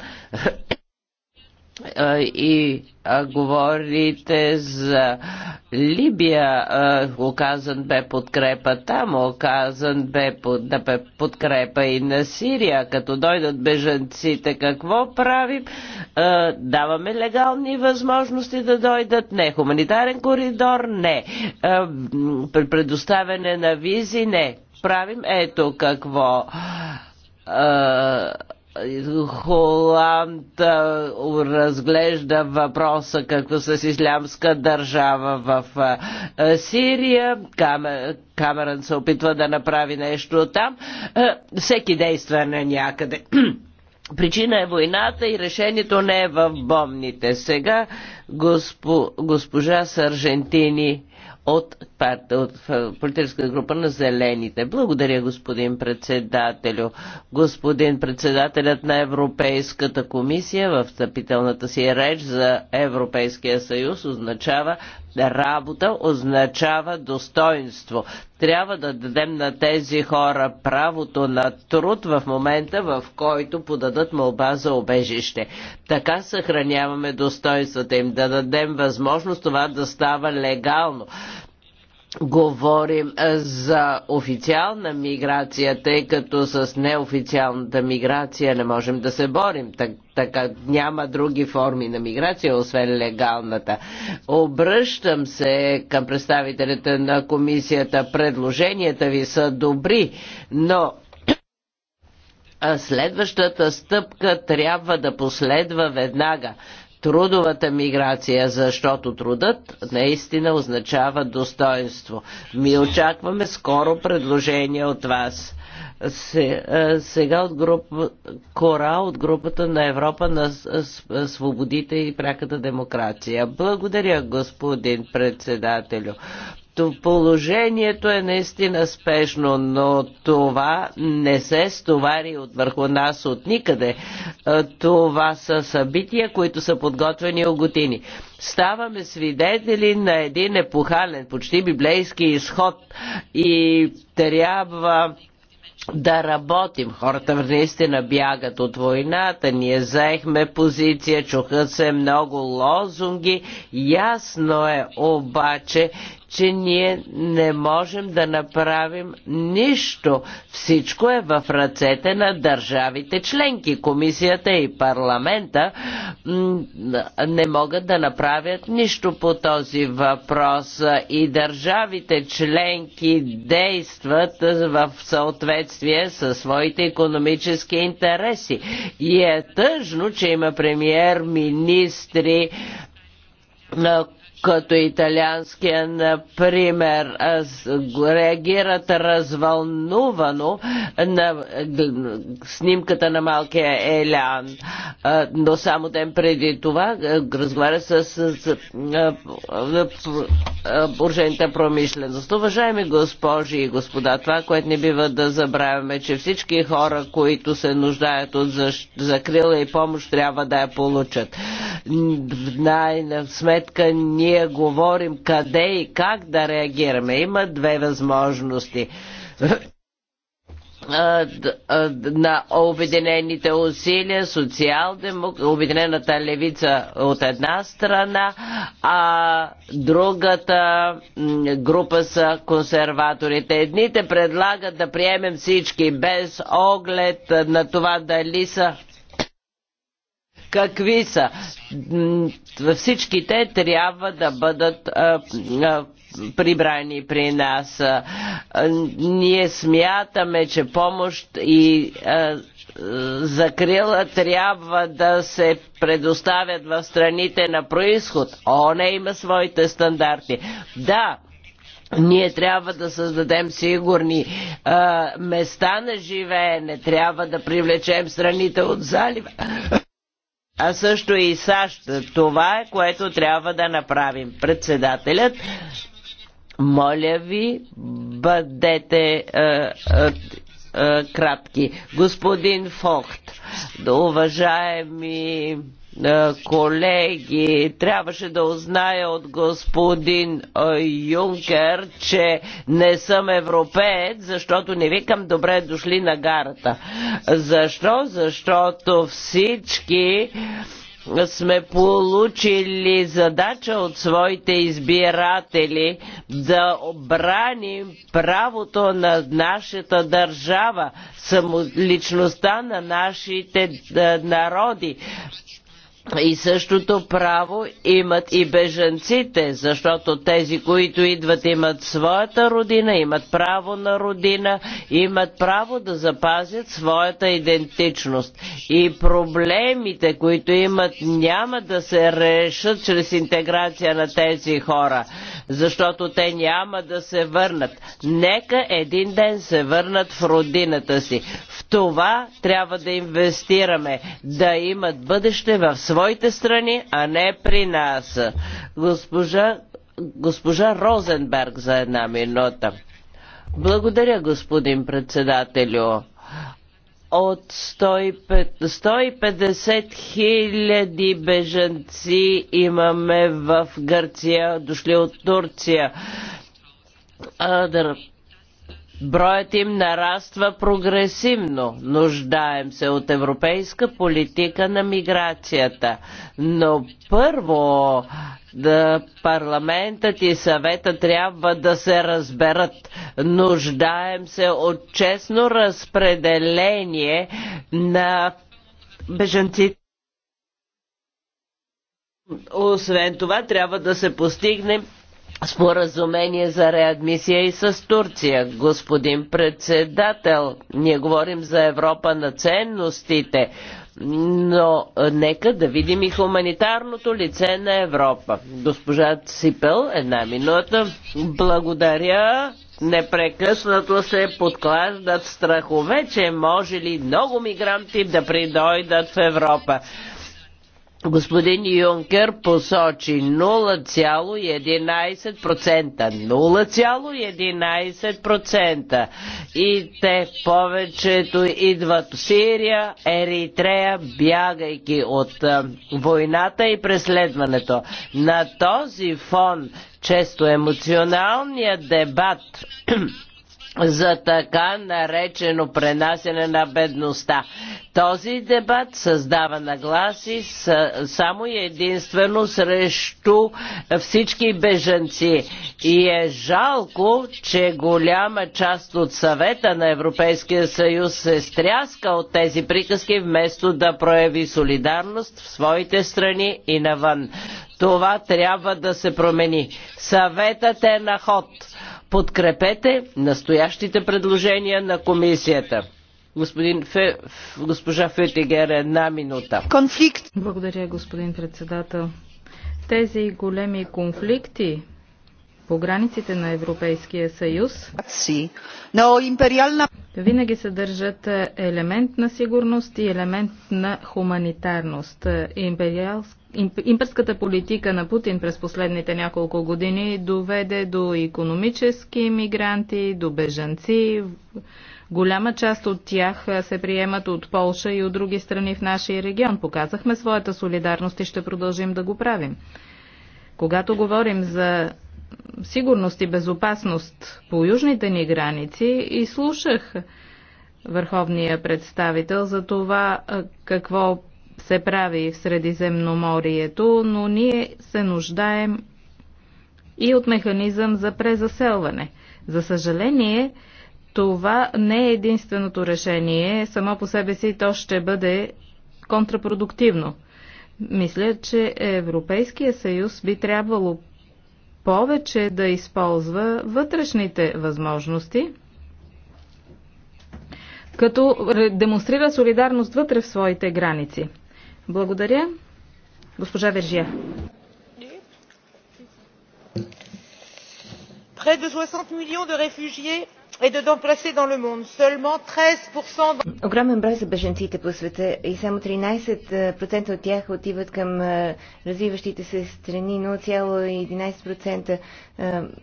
и а, говорите за Либия. А, оказан бе подкрепа там, оказан бе, под, да бе подкрепа и на Сирия. Като дойдат бежанците, какво правим? А, даваме легални възможности да дойдат? Не. Хуманитарен коридор? Не. А, предоставяне на визи? Не. Правим ето какво. А, Холанд разглежда въпроса какво с ислямска държава в Сирия. Камерън се опитва да направи нещо там. Всеки действа на някъде. Причина е войната и решението не е в бомните. Сега госпо, госпожа Саржентини от, парт, от политическа група на Зелените. Благодаря, господин председателю. Господин председателят на Европейската комисия в стъпителната си реч за Европейския съюз означава работа означава достоинство. Трябва да дадем на тези хора правото на труд в момента, в който подадат молба за обежище. Така съхраняваме достоинствата им, да дадем възможност това да става легално говорим за официална миграция, тъй като с неофициалната миграция не можем да се борим. Так, така няма други форми на миграция, освен легалната. Обръщам се към представителите на комисията. Предложенията ви са добри, но следващата стъпка трябва да последва веднага трудовата миграция, защото трудът наистина означава достоинство. Ми очакваме скоро предложение от вас. Е, сега от група, Кора от групата на Европа на е, е, свободите и пряката демокрация. Благодаря, господин председателю. Положението е наистина спешно, но това не се стовари от върху нас от никъде. Това са събития, които са подготвени оготини. Ставаме свидетели на един епохален, почти библейски изход и трябва да работим. Хората наистина бягат от войната, ние заехме позиция, чуха се много лозунги. Ясно е обаче, че ние не можем да направим нищо. Всичко е в ръцете на държавите членки. Комисията и парламента не могат да направят нищо по този въпрос. И държавите членки действат в съответствие със своите економически интереси. И е тъжно, че има премьер министри, като италианския, например, реагират развълнувано на снимката на малкия Елян. Но само ден преди това разговаря с, буржените промишленост. Уважаеми госпожи и господа, това, което не бива да забравяме, че всички хора, които се нуждаят от закрила и помощ, трябва да я получат. Най-на сметка ние ние говорим къде и как да реагираме. Има две възможности на Обединените усилия, социалдемок... Обединената левица от една страна, а другата група са консерваторите. Едните предлагат да приемем всички без оглед на това дали са какви са. всичките трябва да бъдат прибрани при нас. Ние смятаме, че помощ и закрила трябва да се предоставят в страните на происход. ОНЕ има своите стандарти. Да, ние трябва да създадем сигурни а, места на живеене, трябва да привлечем страните от залива а също и САЩ. Това е което трябва да направим. Председателят моля ви, бъдете е, е, е, кратки. Господин Фохт, уважаеми е, колеги, трябваше да узная от господин е, Юнкер, че не съм европеец, защото не викам добре дошли на гарата. Защо? Защото всички сме получили задача от своите избиратели да обраним правото на нашата държава, самоличността личността на нашите е, народи. И същото право имат и бежанците, защото тези, които идват, имат своята родина, имат право на родина, имат право да запазят своята идентичност. И проблемите, които имат, няма да се решат чрез интеграция на тези хора, защото те няма да се върнат. Нека един ден се върнат в родината си. В това трябва да инвестираме, да имат бъдеще в своята своите страни, а не при нас. Госпожа, госпожа Розенберг за една минута. Благодаря, господин председателю от 150 хиляди бежанци имаме в Гърция, дошли от Турция. Броят им нараства прогресивно. Нуждаем се от европейска политика на миграцията. Но първо да парламентът и съвета трябва да се разберат. Нуждаем се от честно разпределение на бежанците. Освен това трябва да се постигне споразумение за реадмисия и с Турция. Господин председател, ние говорим за Европа на ценностите, но нека да видим и хуманитарното лице на Европа. Госпожа Ципел, една минута. Благодаря. Непрекъснато се подклаждат страхове, че може ли много мигранти да придойдат в Европа. Господин Юнкер посочи 0,11%. 0,11%. И те повечето идват в Сирия, Еритрея, бягайки от войната и преследването. На този фон често емоционалният дебат за така наречено пренасене на бедността. Този дебат създава нагласи само и единствено срещу всички беженци, И е жалко, че голяма част от съвета на Европейския съюз се стряска от тези приказки, вместо да прояви солидарност в своите страни и навън. Това трябва да се промени. Съветът е на ход подкрепете настоящите предложения на комисията. Господин Фе, госпожа Фетигер, една минута. Конфликт. Благодаря, господин председател. Тези големи конфликти по границите на Европейския съюз винаги съдържат елемент на сигурност и елемент на хуманитарност. Империалска имперската политика на Путин през последните няколко години доведе до економически мигранти, до бежанци. Голяма част от тях се приемат от Полша и от други страни в нашия регион. Показахме своята солидарност и ще продължим да го правим. Когато говорим за сигурност и безопасност по южните ни граници, и слушах върховния представител за това какво се прави в Средиземноморието, но ние се нуждаем и от механизъм за презаселване. За съжаление, това не е единственото решение. Само по себе си то ще бъде контрапродуктивно. Мисля, че Европейския съюз би трябвало повече да използва вътрешните възможности, като демонстрира солидарност вътре в своите граници. Благодаря. Госпожа Вержия. Près de 60 millions de réfugiés et de dans le monde. Seulement 13%. Огромен брой за беженците по света и само 13% от тях отиват към развиващите се страни, 0,11%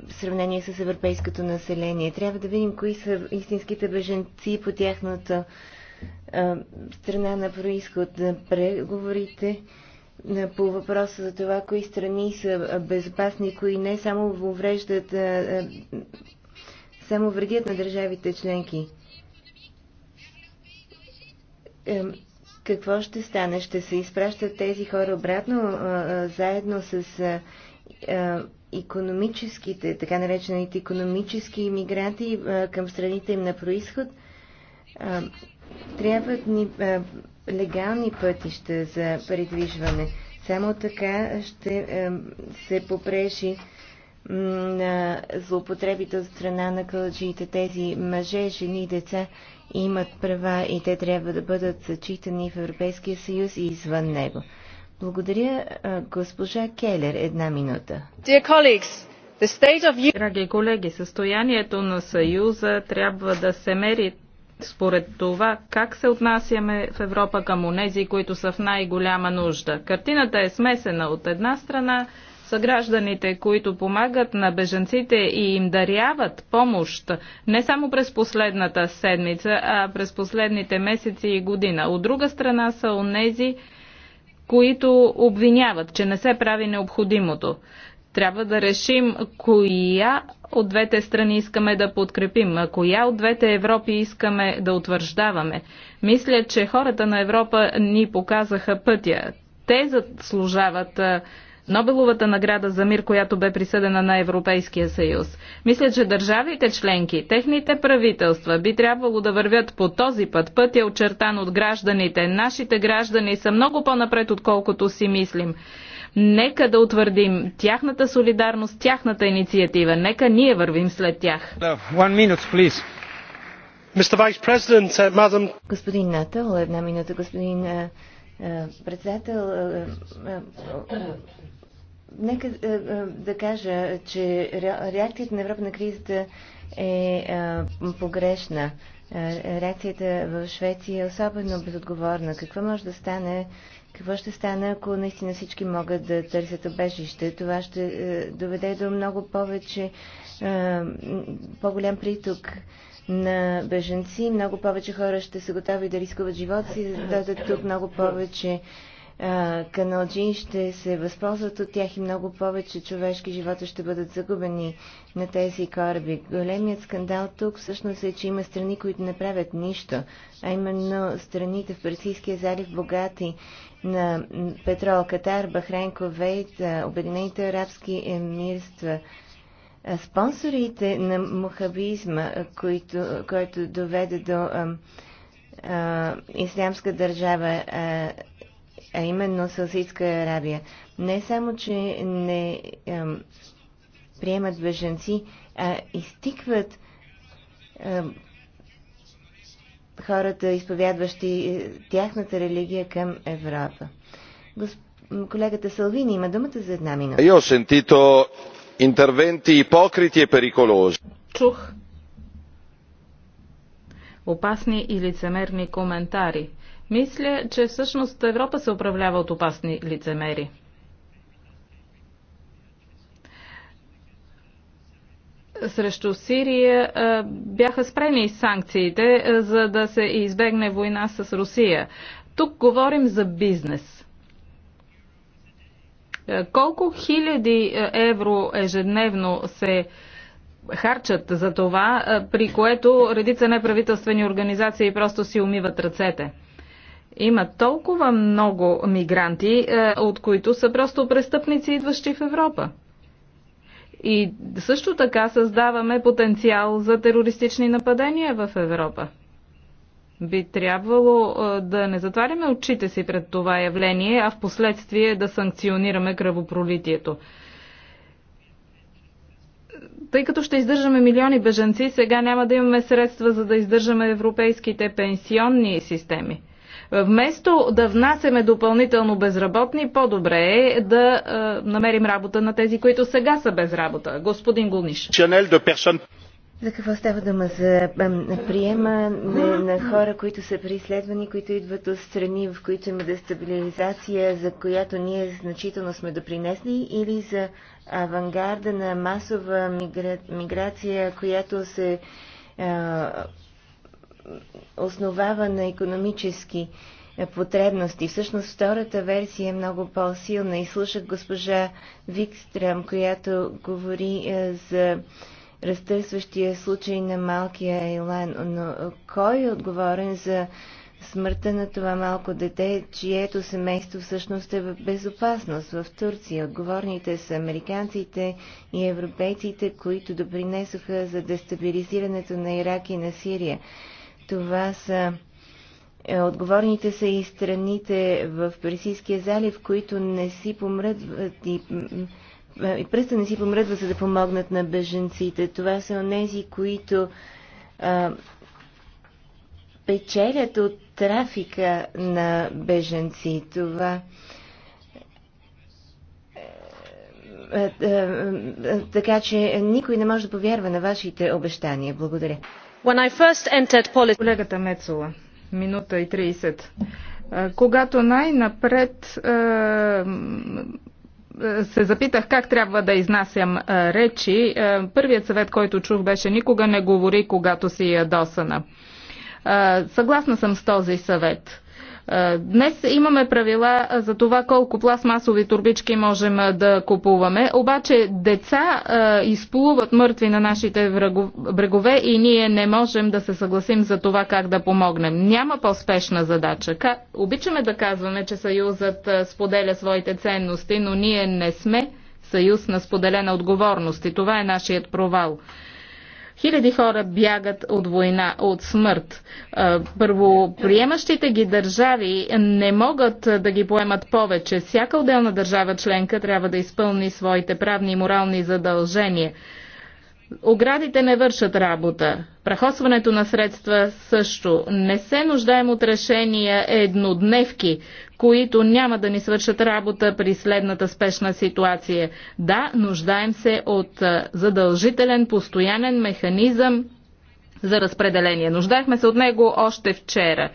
в сравнение с европейското население. Трябва да видим кои са истинските беженци по тяхното страна на происход на преговорите по въпроса за това, кои страни са безопасни, кои не, само увреждат, само вредят на държавите членки. Е, какво ще стане? Ще се изпращат тези хора обратно, заедно с економическите, така наречените економически иммигранти към страните им на происход? Трябват ни е, легални пътища за придвижване. Само така ще е, се попреши на злоупотребите от страна на кълджиите. Тези мъже, жени и деца имат права и те трябва да бъдат зачитани в Европейския съюз и извън него. Благодаря, е, госпожа Келер. Една минута. Драги колеги, състоянието на Съюза трябва да се мери според това как се отнасяме в Европа към онези, които са в най-голяма нужда. Картината е смесена от една страна са гражданите, които помагат на беженците и им даряват помощ не само през последната седмица, а през последните месеци и година. От друга страна са онези, които обвиняват, че не се прави необходимото. Трябва да решим коя от двете страни искаме да подкрепим, коя от двете Европи искаме да утвърждаваме. Мисля, че хората на Европа ни показаха пътя. Те заслужават Нобеловата награда за мир, която бе присъдена на Европейския съюз. Мисля, че държавите членки, техните правителства би трябвало да вървят по този път. Път е очертан от гражданите. Нашите граждани са много по-напред, отколкото си мислим. Нека да утвърдим тяхната солидарност, тяхната инициатива. Нека ние вървим след тях. Minute, uh, madam... Господин Натал, една минута, господин uh, uh, председател. нека да кажа, че реакцията на Европа на кризата е погрешна. Реакцията в Швеция е особено безотговорна. Какво може да стане какво ще стане, ако наистина всички могат да търсят обежище? Това ще е, доведе до много повече, е, по-голям приток на беженци. Много повече хора ще са готови да рискуват живота си, да дадат тук много повече е, каналджи ще се възползват от тях и много повече човешки живота ще бъдат загубени на тези кораби. Големият скандал тук всъщност е, че има страни, които не правят нищо, а именно страните в Персийския залив богати на петрол Катар, Бахрейн, Ковейт, Обединените арабски емирства. Спонсорите на мухабизма, който, който доведе до а, а, ислямска държава, а, а именно Сауситска Арабия, не само, че не а, приемат беженци, а изтикват а, хората, изповядващи е, тяхната религия към Европа. Госп... Колегата Салвини има думата за една минута. E Чух опасни и лицемерни коментари. Мисля, че всъщност Европа се управлява от опасни лицемери. срещу Сирия бяха спрени санкциите, за да се избегне война с Русия. Тук говорим за бизнес. Колко хиляди евро ежедневно се харчат за това, при което редица неправителствени организации просто си умиват ръцете? Има толкова много мигранти, от които са просто престъпници, идващи в Европа. И също така създаваме потенциал за терористични нападения в Европа. Би трябвало е, да не затваряме очите си пред това явление, а в последствие да санкционираме кръвопролитието. Тъй като ще издържаме милиони бежанци, сега няма да имаме средства за да издържаме европейските пенсионни системи. Вместо да внасяме допълнително безработни, по-добре е да е, намерим работа на тези, които сега са без работа. Господин Гулниш. За какво става дума? За приема на, е, на хора, които са преследвани, които идват от страни, в които има дестабилизация, за която ние значително сме допринесли, или за авангарда на масова мигра... миграция, която се а, е, основава на економически е, потребности. Всъщност втората версия е много по-силна и слушах госпожа Викстрам, която говори е, за разтърсващия случай на малкия Ейлан. Но е, кой е отговорен за смъртта на това малко дете, чието семейство всъщност е в безопасност в Турция. Отговорните са американците и европейците, които допринесоха за дестабилизирането на Ирак и на Сирия. Това са Отговорните са и страните в Персийския залив, които не си помръдват и, и пръста не си помръдват, за да помогнат на беженците. Това са онези, които а, печелят от трафика на беженци. Това а, а, а, така че никой не може да повярва на вашите обещания. Благодаря. Колегата Мецола, минута и 30. Когато най-напред се запитах как трябва да изнасям речи, първият съвет, който чух беше никога не говори, когато си ядосана. Съгласна съм с този съвет. Е, днес имаме правила е, за това колко пластмасови турбички можем е, да купуваме, обаче деца изплуват мъртви на нашите брегове и ние не можем да се съгласим за това как да помогнем. Няма по-спешна задача. Обичаме да казваме, че Съюзът споделя своите ценности, но ние не сме съюз на споделена отговорност и това е нашият провал. Хиляди хора бягат от война, от смърт. Първо, приемащите ги държави не могат да ги поемат повече. Всяка отделна държава членка трябва да изпълни своите правни и морални задължения. Оградите не вършат работа. Прахосването на средства също. Не се нуждаем от решения еднодневки които няма да ни свършат работа при следната спешна ситуация. Да, нуждаем се от задължителен постоянен механизъм за разпределение. Нуждахме се от него още вчера.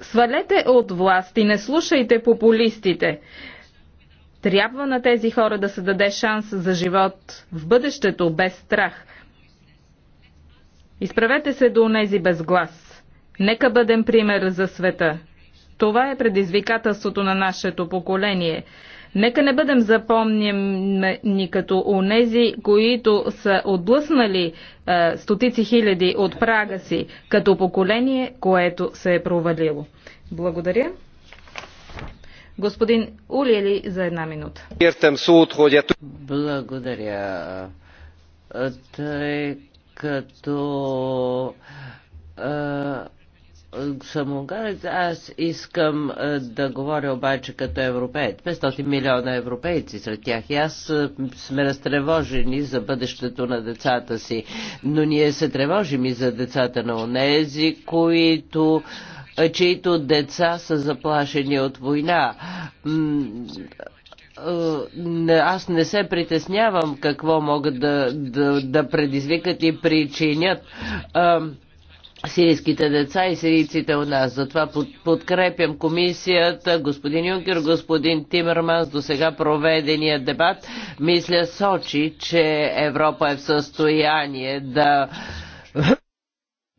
Свалете от власт и не слушайте популистите. Трябва на тези хора да се даде шанс за живот в бъдещето без страх. Изправете се до онези без глас. Нека бъдем пример за света. Това е предизвикателството на нашето поколение. Нека не бъдем запомнени като онези, които са отблъснали е, стотици хиляди от прага си, като поколение, което се е провалило. Благодаря. Господин Улиели за една минута. Благодаря. Тъй като Е, съм унгарец, аз искам е, да говоря обаче като европеец. 500 милиона европейци сред тях. И аз е, сме разтревожени за бъдещето на децата си. Но ние се тревожим и за децата на онези, които е, чието деца са заплашени от война аз не се притеснявам какво могат да, да, да предизвикат и причинят сирийските деца и сирийците у нас. Затова подкрепям комисията, господин Юнкер, господин Тимерманс, до сега проведения дебат. Мисля, сочи, че Европа е в състояние да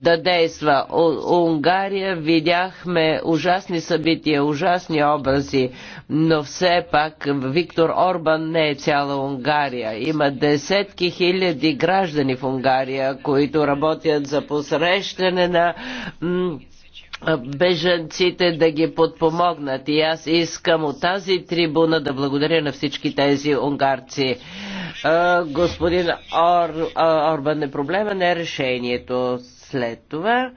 да действа. У, Унгария видяхме ужасни събития, ужасни образи, но все пак Виктор Орбан не е цяла Унгария. Има десетки хиляди граждани в Унгария, които работят за посрещане на беженците да ги подпомогнат. И аз искам от тази трибуна да благодаря на всички тези унгарци. Господин Ор, Орбан, не проблема не е решението. След това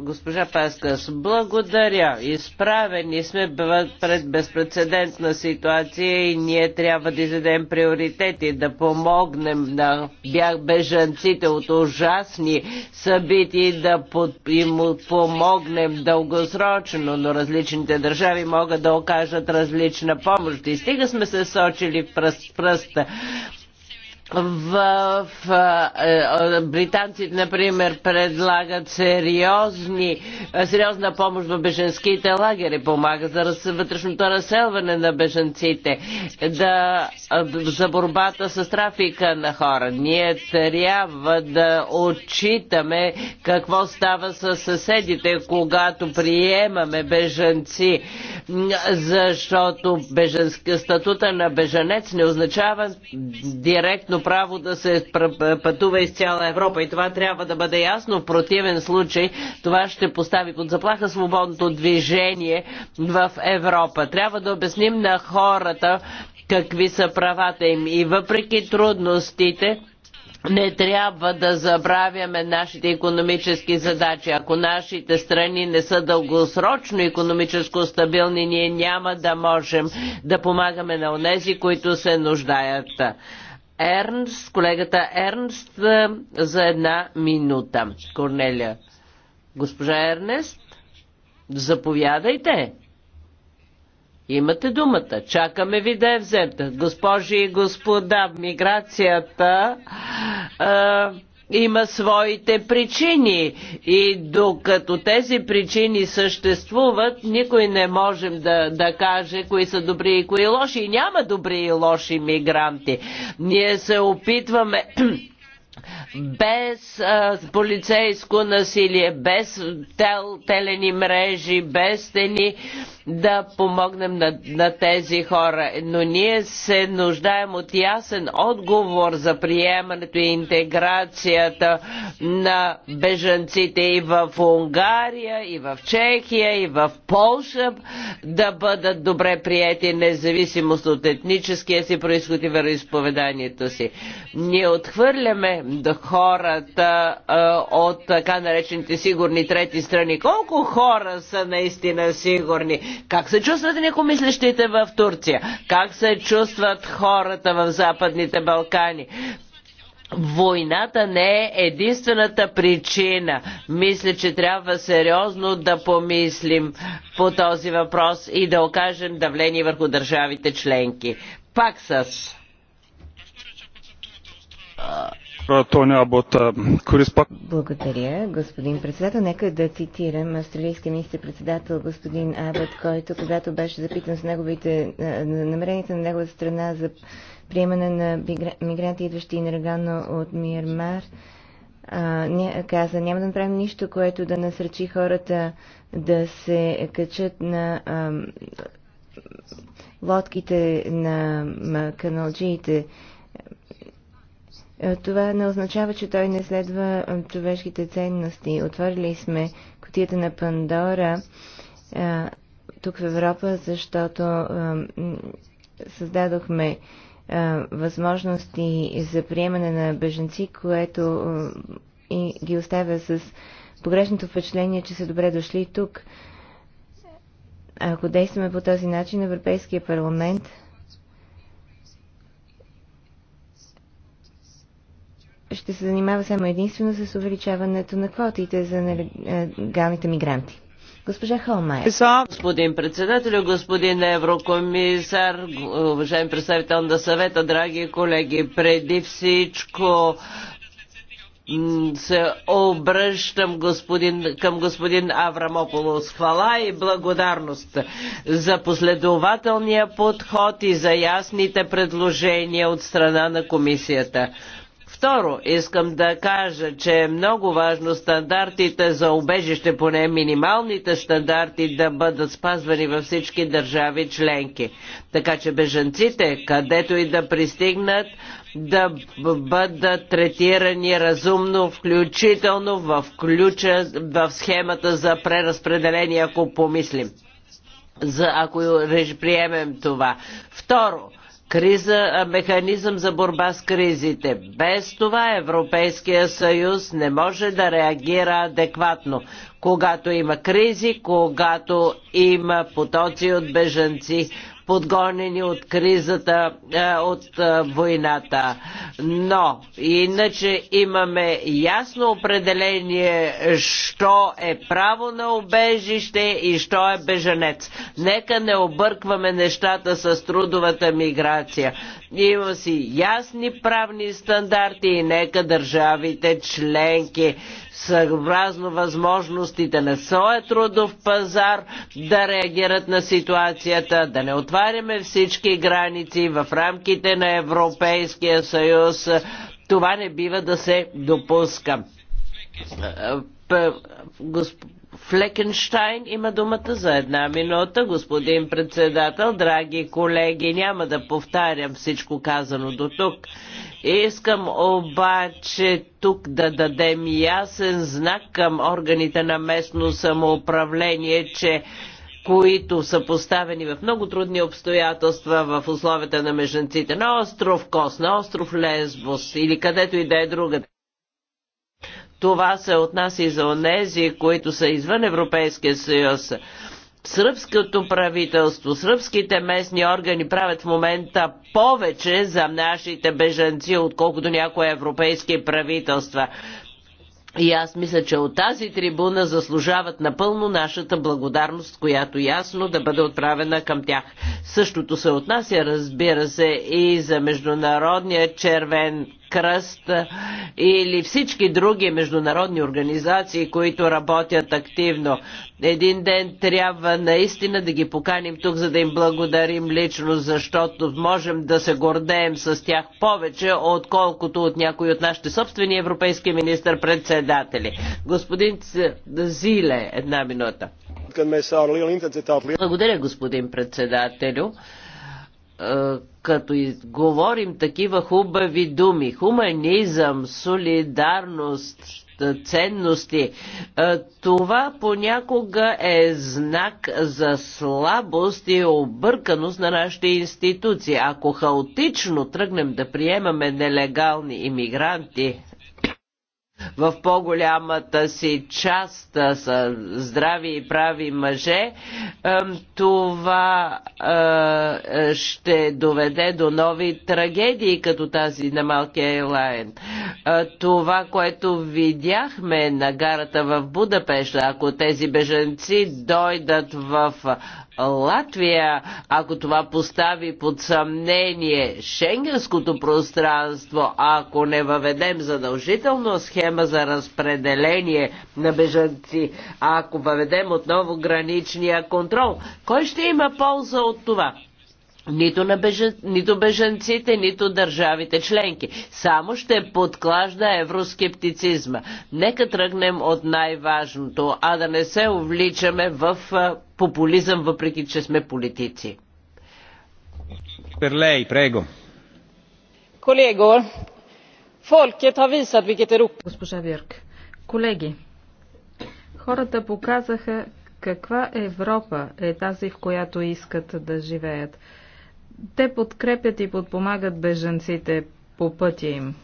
госпожа Паскас, благодаря. Изправени сме пред безпредседентна ситуация и ние трябва да изведем приоритети, да помогнем на бях бежанците от ужасни събития, да под, им помогнем дългосрочно, но различните държави могат да окажат различна помощ. И стига сме се сочили в пръст, пръста в, в е, е, британците, например, предлагат сериозни, е, сериозна помощ в беженските лагери, помага за раз, вътрешното разселване на беженците, да, за борбата с трафика на хора. Ние трябва да отчитаме какво става с съседите, когато приемаме беженци, защото беженски, статута на беженец не означава директно абсолютно право да се пътува из цяла Европа и това трябва да бъде ясно. В противен случай това ще постави под заплаха свободното движение в Европа. Трябва да обясним на хората какви са правата им и въпреки трудностите не трябва да забравяме нашите економически задачи. Ако нашите страни не са дългосрочно економическо стабилни, ние няма да можем да помагаме на онези, които се нуждаят. Ернст, колегата Ернст за една минута. Корнелия. Госпожа Ернест, заповядайте. Имате думата. Чакаме ви да я вземете. Госпожи и господа, миграцията има своите причини и докато тези причини съществуват, никой не можем да, да каже кои са добри и кои лоши. И няма добри и лоши мигранти. Ние се опитваме без а, полицейско насилие, без тел, телени мрежи, без стени да помогнем на, на тези хора. Но ние се нуждаем от ясен отговор за приемането и интеграцията на бежанците и в Унгария, и в Чехия, и в Полша да бъдат добре приети, независимост от етническия си происход и вероисповеданието си. Ние отхвърляме хората от така наречените сигурни трети страни. Колко хора са наистина сигурни? Как се чувстват некомислещите в Турция? Как се чувстват хората в Западните Балкани? Войната не е единствената причина. Мисля, че трябва сериозно да помислим по този въпрос и да окажем давление върху държавите членки. Пак с Абота, е, е, Благодаря, господин председател. Нека да цитирам австралийския министр-председател господин Абот, който, когато беше запитан с неговите е, намеренията на неговата страна за приемане на мигранти, идващи нерегално от Миермар, каза, няма да направим нищо, което да насръчи хората да се качат на лодките на каналджиите е, това не означава, че той не следва е, човешките ценности. Отворили сме котията на Пандора е, тук в Европа, защото създадохме възможности за приемане на беженци, което и ги оставя с погрешното впечатление, че са добре дошли тук. Ако действаме по този начин, Европейския парламент ще се занимава само единствено с увеличаването на квотите за нелегалните мигранти. Госпожа Холмайер. Господин председател, господин еврокомисар, уважаем представител на съвета, драги колеги, преди всичко се обръщам господин, към господин Аврамополос. Хвала и благодарност за последователния подход и за ясните предложения от страна на комисията. Второ, искам да кажа, че е много важно стандартите за убежище, поне минималните стандарти, да бъдат спазвани във всички държави членки. Така че бежанците, където и да пристигнат, да бъдат третирани разумно, включително в, ключа, в схемата за преразпределение, ако помислим за ако приемем това. Второ, криза, механизъм за борба с кризите. Без това Европейския съюз не може да реагира адекватно, когато има кризи, когато има потоци от бежанци подгонени от кризата, е, от е, войната. Но иначе имаме ясно определение, що е право на обежище и що е бежанец. Нека не объркваме нещата с трудовата миграция. Има си ясни правни стандарти и нека държавите членки съобразно възможностите на своя трудов пазар да реагират на ситуацията, да не отваряме всички граници в рамките на Европейския съюз. Това не бива да се допуска. Флекенштайн има думата за една минута. Господин председател, драги колеги, няма да повтарям всичко казано до тук. Искам обаче тук да дадем ясен знак към органите на местно самоуправление, че които са поставени в много трудни обстоятелства в условията на меженците на остров Кос, на остров Лесбос или където и да е другаде. Това се отнася и за онези, които са извън Европейския съюз сръбското правителство, сръбските местни органи правят в момента повече за нашите бежанци, отколкото някои европейски правителства. И аз мисля, че от тази трибуна заслужават напълно нашата благодарност, която ясно да бъде отправена към тях. Същото се отнася, разбира се, и за Международния червен кръст или всички други международни организации, които работят активно. Един ден трябва наистина да ги поканим тук, за да им благодарим лично, защото можем да се гордеем с тях повече, отколкото от някои от нашите собствени европейски министър-председатели. Господин Зиле, една минута. Благодаря, господин председателю. Е, като говорим такива хубави думи, хуманизъм, солидарност, ценности, е, това понякога е знак за слабост и обърканост на нашите институции. Ако хаотично тръгнем да приемаме нелегални иммигранти, в по-голямата си част са здрави и прави мъже, това е, е, ще доведе до нови трагедии, като тази на малкия Елайн. Е, това, което видяхме на гарата в Будапешта, ако тези беженци дойдат в Латвия, ако това постави под съмнение шенгенското пространство, ако не въведем задължително схема за разпределение на бежанци, ако въведем отново граничния контрол, кой ще има полза от това? нито, на бежен, нито беженците, нито държавите членки. Само ще подклажда евроскептицизма. Нека тръгнем от най-важното, а да не се увличаме в популизъм, въпреки че сме политици. Перлей, прего. Колего, фолкет har visat vilket Госпожа Вирк, колеги, хората показаха каква Европа е тази, в която искат да живеят. Те подкрепят и подпомагат беженците по пътя им.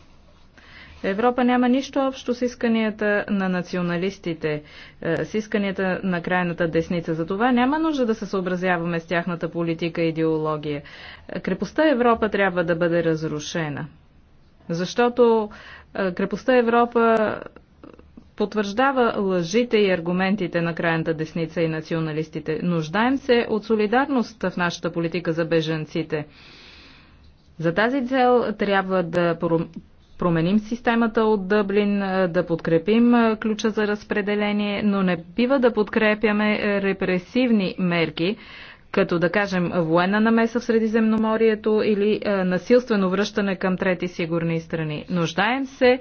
Европа няма нищо общо с исканията на националистите, е, с исканията на крайната десница. За това няма нужда да се съобразяваме с тяхната политика и идеология. Крепостта Европа трябва да бъде разрушена. Защото е, крепостта Европа потвърждава лъжите и аргументите на крайната десница и националистите. Нуждаем се от солидарност в нашата политика за беженците. За тази цел трябва да променим системата от Дъблин, да подкрепим ключа за разпределение, но не бива да подкрепяме репресивни мерки, като да кажем военна намеса в Средиземноморието или е, насилствено връщане към трети сигурни страни. Нуждаем се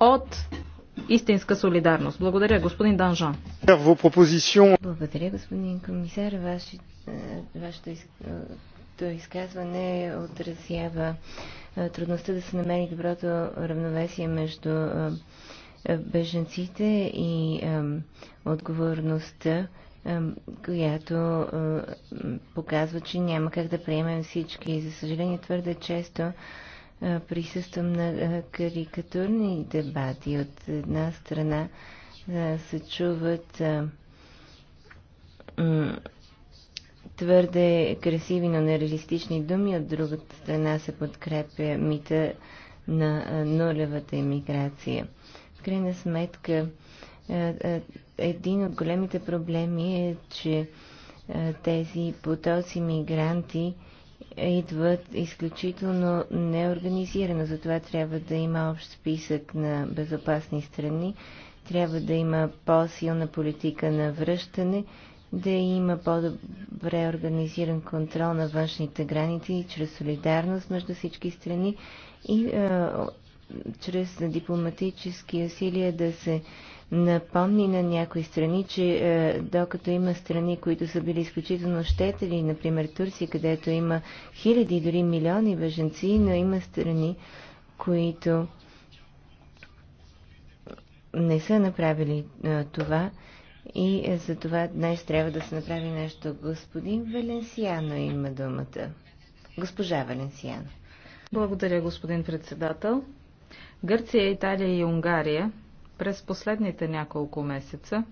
от истинска солидарност. Благодаря, господин Данжан. Благодаря, господин комисар. Е, вашето, ваше изказване отразява е, трудността да се намери доброто равновесие между е, беженците и отговорността, която показва, че няма как да приемем всички. За съжаление, твърде често е, присъствам на е, карикатурни дебати. От една страна е, се чуват твърде красиви, но нереалистични думи, от другата страна се подкрепя мита на нулевата емиграция. В крайна сметка, един от големите проблеми е, че тези потоци мигранти – идват изключително неорганизирано. Затова трябва да има общ списък на безопасни страни, трябва да има по-силна политика на връщане, да има по-добре организиран контрол на външните граници чрез солидарност между всички страни и е, чрез дипломатически усилия да се напомни на някои страни, че е, докато има страни, които са били изключително щетели, например Турция, където има хиляди, дори милиони беженци, но има страни, които не са направили е, това и е, за това днес трябва да се направи нещо. Господин Валенсиано има думата. Госпожа Валенсиано. Благодаря, господин председател. Гърция, Италия и Унгария през последните няколко месеца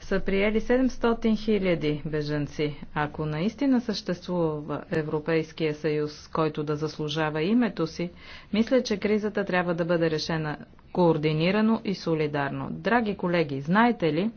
са приели 700 000 бежанци. Ако наистина съществува Европейския съюз, който да заслужава името си, мисля, че кризата трябва да бъде решена координирано и солидарно. Драги колеги, знаете ли,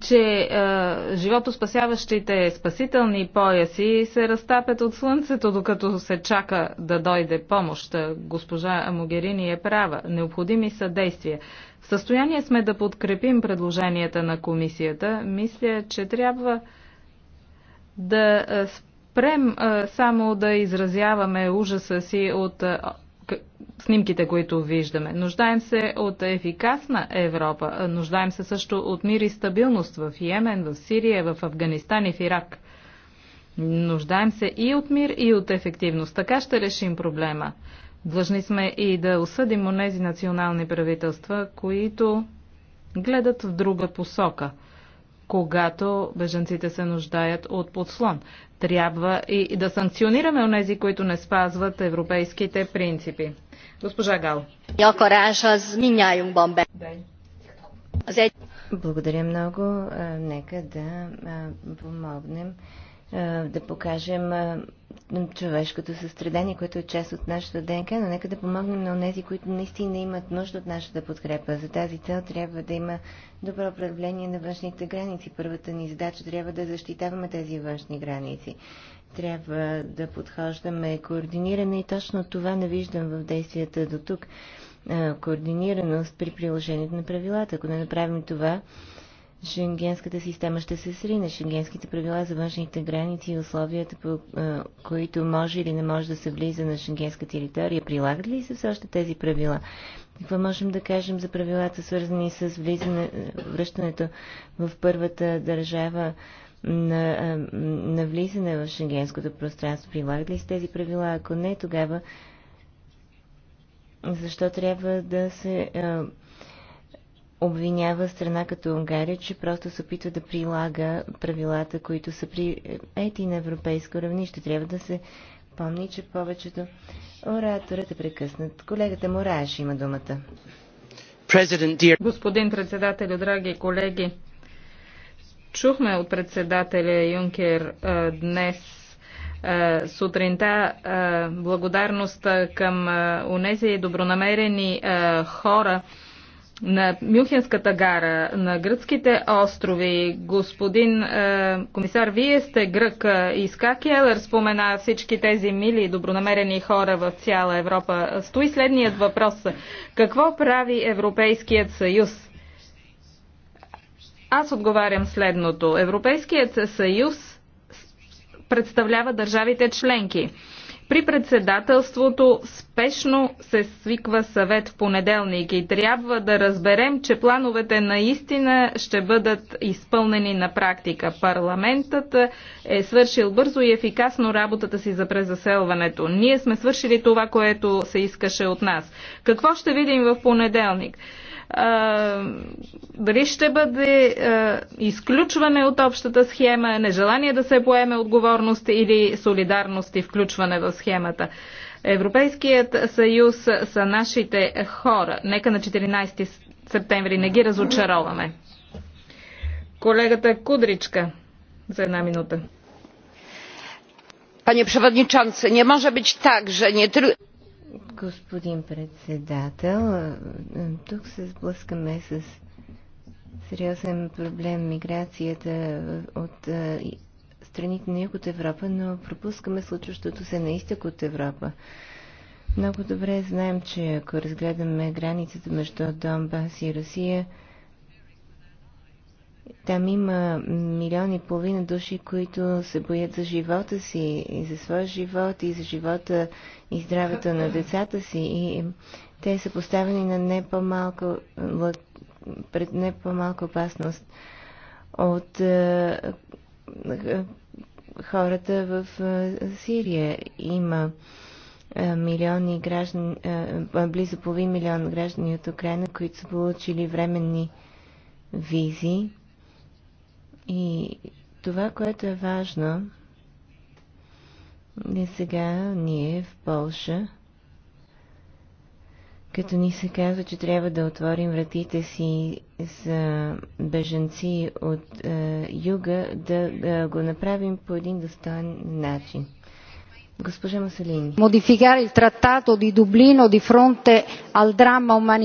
че е, животоспасяващите спасителни пояси се разтапят от слънцето, докато се чака да дойде помощ. Госпожа Могерини е права. Необходими са действия. В състояние сме да подкрепим предложенията на комисията. Мисля, че трябва да е, спрем е, само да изразяваме ужаса си от е, снимките, които виждаме. Нуждаем се от ефикасна Европа. Нуждаем се също от мир и стабилност в Йемен, в Сирия, в Афганистан и в Ирак. Нуждаем се и от мир, и от ефективност. Така ще решим проблема. Длъжни сме и да осъдим онези национални правителства, които гледат в друга посока – когато бежанците се нуждаят от подслон. Трябва и да санкционираме онези, които не спазват европейските принципи. Госпожа Гал. Благодаря много. Е, нека да е, помогнем е, да покажем човешкото състрадание, което е част от нашата ДНК, но нека да помогнем на тези, които наистина имат нужда от нашата подкрепа. За тази цел трябва да има добро управление на външните граници. Първата ни задача трябва да защитаваме тези външни граници. Трябва да подхождаме координиране и точно това не виждам в действията до тук. Координираност при приложението на правилата. Ако не направим това, Шенгенската система ще се срине. Шенгенските правила за външните граници и условията, по е, които може или не може да се влиза на шенгенска територия, прилагат ли се все още тези правила? Какво можем да кажем за правилата, свързани с влизане, връщането в първата държава на, е, на влизане в шенгенското пространство? Прилагат ли се тези правила? Ако не, тогава защо трябва да се е, обвинява страна като Унгария, че просто се опитва да прилага правилата, които са при ети на европейско равнище. Трябва да се помни, че повечето ораторът е прекъснат. Колегата Мораш има думата. Господин председател, драги колеги, чухме от председателя Юнкер днес сутринта благодарност към унези добронамерени хора, на Мюхенската гара, на гръцките острови. Господин е, комисар, вие сте грък. Иска Келър спомена всички тези мили и добронамерени хора в цяла Европа. Стои следният въпрос. Какво прави Европейският съюз? Аз отговарям следното. Европейският съюз представлява държавите членки. При председателството спешно се свиква съвет в понеделник и трябва да разберем, че плановете наистина ще бъдат изпълнени на практика. Парламентът е свършил бързо и ефикасно работата си за презаселването. Ние сме свършили това, което се искаше от нас. Какво ще видим в понеделник? дали ще бъде изключване от общата схема, нежелание да се поеме отговорност или солидарност и включване в схемата. Европейският съюз са нашите хора. Нека на 14 септември не ги разочароваме. Колегата Кудричка за една минута. Panie przewodniczący, nie może być tak, że nie tylko господин председател. Тук се сблъскаме с сериозен проблем миграцията от страните на юг от Европа, но пропускаме случващото се на изток от Европа. Много добре знаем, че ако разгледаме границата между Донбас и Русия, там има милиони и половина души, които се боят за живота си, и за своя живот, и за живота и здравето на децата си. И те са поставени на не по-малко, пред не по-малка опасност от е, е хората в е, Сирия. Има е, милиони граждани, е, е близо половин милион граждани от Украина, които са получили временни визи и това, което е важно, е сега ние в Полша, като ни се казва, че трябва да отворим вратите си за беженци от е, юга, да да е, го направим по един достоен начин. Госпожа Маселин, Модификар il trattato di Dublino di fronte al dramma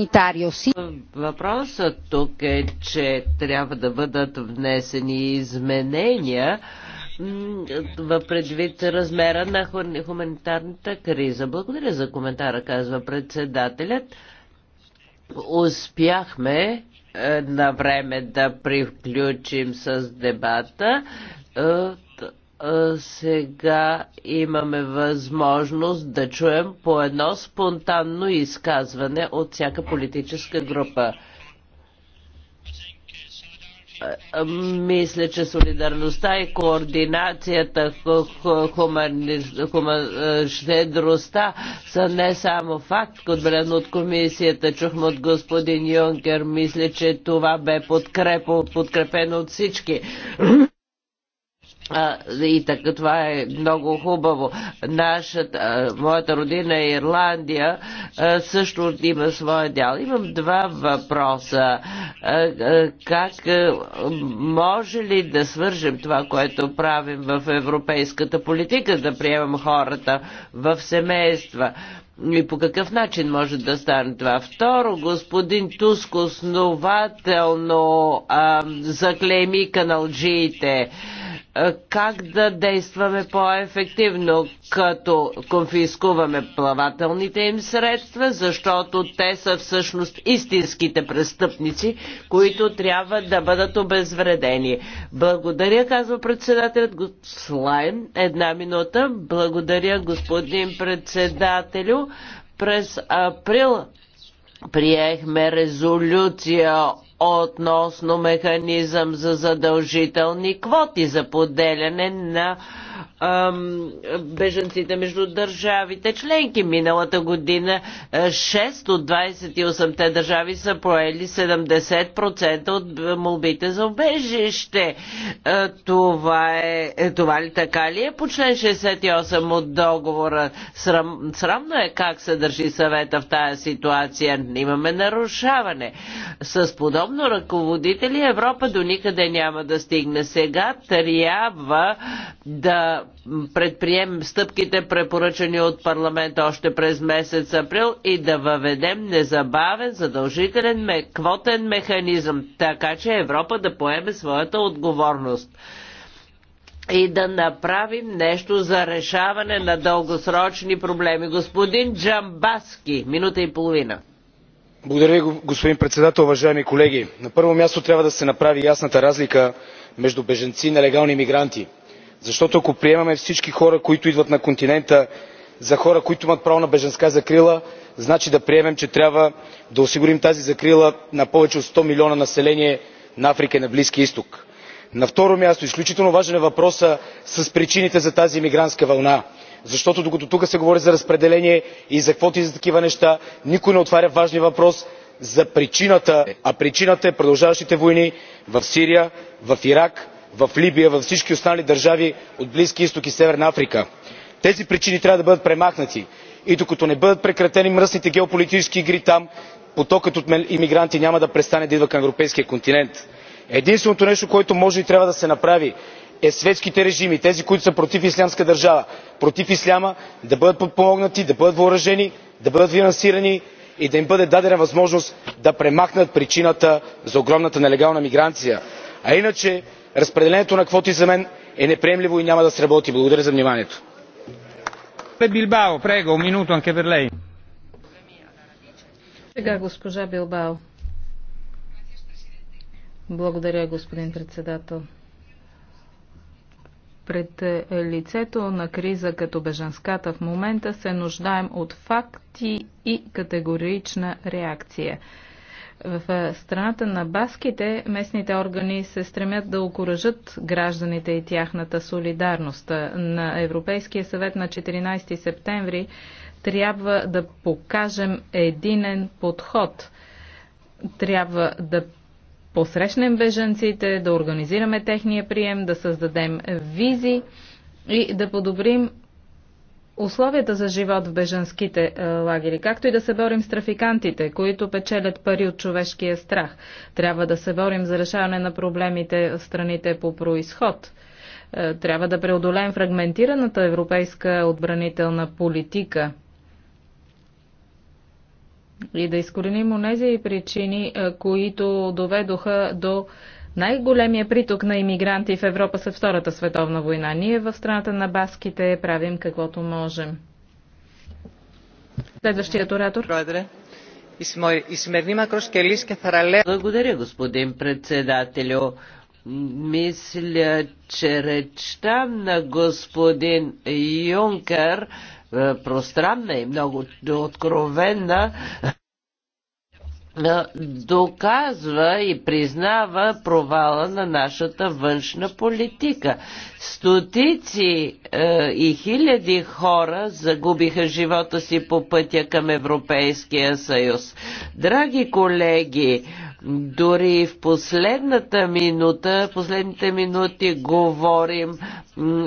Въпросът тук е, че трябва да бъдат внесени изменения в предвид размера на хуманитарната криза. Благодаря за коментара, казва председателят. Успяхме е, на време да приключим с дебата е, сега имаме възможност да чуем по едно спонтанно изказване от всяка политическа група. Мисля, че солидарността и координацията, щедростта са не само факт, отбелен от комисията. Чухме от господин Юнкер. Мисля, че това бе подкрепо, подкрепено от всички и така, това е много хубаво. Нашата, моята родина е Ирландия също има своя дял. Имам два въпроса. Как може ли да свържем това, което правим в европейската политика, да приемам хората в семейства? и по какъв начин може да стане това? Второ, господин Туск основателно а, заклейми каналджиите. Как да действаме по-ефективно, като конфискуваме плавателните им средства, защото те са всъщност истинските престъпници, които трябва да бъдат обезвредени. Благодаря, казва председателят Слайн. Една минута. Благодаря, господин председателю през април приехме резолюция относно механизъм за задължителни квоти за поделяне на ам, беженците между държавите членки. Миналата година 6 е, от 28-те държави са проели 70% от е, молбите за обежище. Е, това, е, това ли така ли е по член 68 от договора? Срам, срамно е как се държи съвета в тази ситуация. Имаме нарушаване. С подобно подобно ръководители Европа до никъде няма да стигне. Сега трябва да предприемем стъпките препоръчани от парламента още през месец април и да въведем незабавен задължителен квотен механизъм, така че Европа да поеме своята отговорност и да направим нещо за решаване на дългосрочни проблеми. Господин Джамбаски, минута и половина господин председател уважаеми колеги! на първо място трябва да се направи ясната разлика между бежанци и нелегални мигранти защото ако приемаме всички хора които идват на континента за хора които имат право на бежанска закрила значи да приемем че трябва да осигурим тази закрила на повече от сто милиона население на африка и на близкия изток. на второ място изключително важен е въпросът с причините за тази мигрантска вълна защото докато тук се говори за разпределение и за квоти и за такива неща никой не отваря важния въпрос за причината а причината са е продължаващите войни в сирия в ирак в либия във всички останали държави от близкия изток и северна африка. тези причини трябва да бъдат премахнати и докато не бъдат прекратени мръсните геополитически игри там потокът от имигранти няма да престане да идва към европейския континент. единственото нещо което може и трябва да се направи е светските режими тези които са против ислямска държава против исляма да бъдат подпомогнати да бъдат въоръжени да бъдат финансирани и да им бъде дадена възможност да премахнат причината за огромната нелегална миграция. а иначе разпределението на квоти за мен е неприемливо и няма да сработи. благодаря за вниманието. Сега госпожа Билбао. Благодаря, господин председател. Пред е, лицето на криза като бежанската в момента се нуждаем от факти и категорична реакция. В е, страната на баските местните органи се стремят да окоръжат гражданите и тяхната солидарност. На Европейския съвет на 14 септември трябва да покажем единен подход. Трябва да посрещнем беженците, да организираме техния прием, да създадем визи и да подобрим условията за живот в беженските е, лагери, както и да се борим с трафикантите, които печелят пари от човешкия страх. Трябва да се борим за решаване на проблемите в страните по происход. Е, трябва да преодолеем фрагментираната европейска отбранителна политика – и да изкореним онези причини, които доведоха до най-големия приток на иммигранти в Европа след Втората световна война. Ние в страната на баските правим каквото можем. Следващият оратор. Благодаря, господин председателю. Мисля, че речта на господин Юнкер е, пространна и много откровенна е, доказва и признава провала на нашата външна политика. Стотици е, и хиляди хора загубиха живота си по пътя към Европейския съюз. Драги колеги, дори в последната минута, последните минути говорим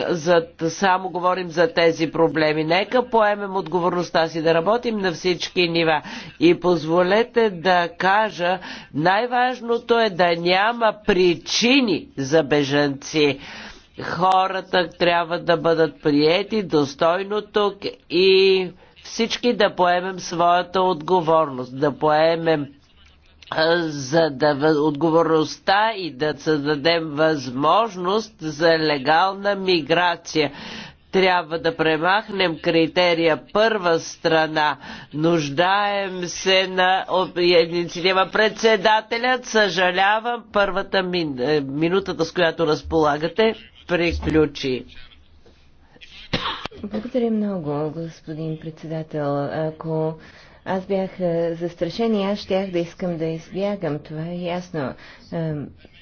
за, само говорим за тези проблеми. Нека поемем отговорността си да работим на всички нива. И позволете да кажа, най-важното е да няма причини за бежанци хората трябва да бъдат приети достойно тук и всички да поемем своята отговорност, да поемем за да отговорността и да създадем възможност за легална миграция. Трябва да премахнем критерия първа страна. Нуждаем се на инициатива председателят. Съжалявам, първата мин... Е, минутата, с която разполагате, приключи. Благодаря много, господин председател. Ако аз бях застрашен и аз щях да искам да избягам. Това е ясно.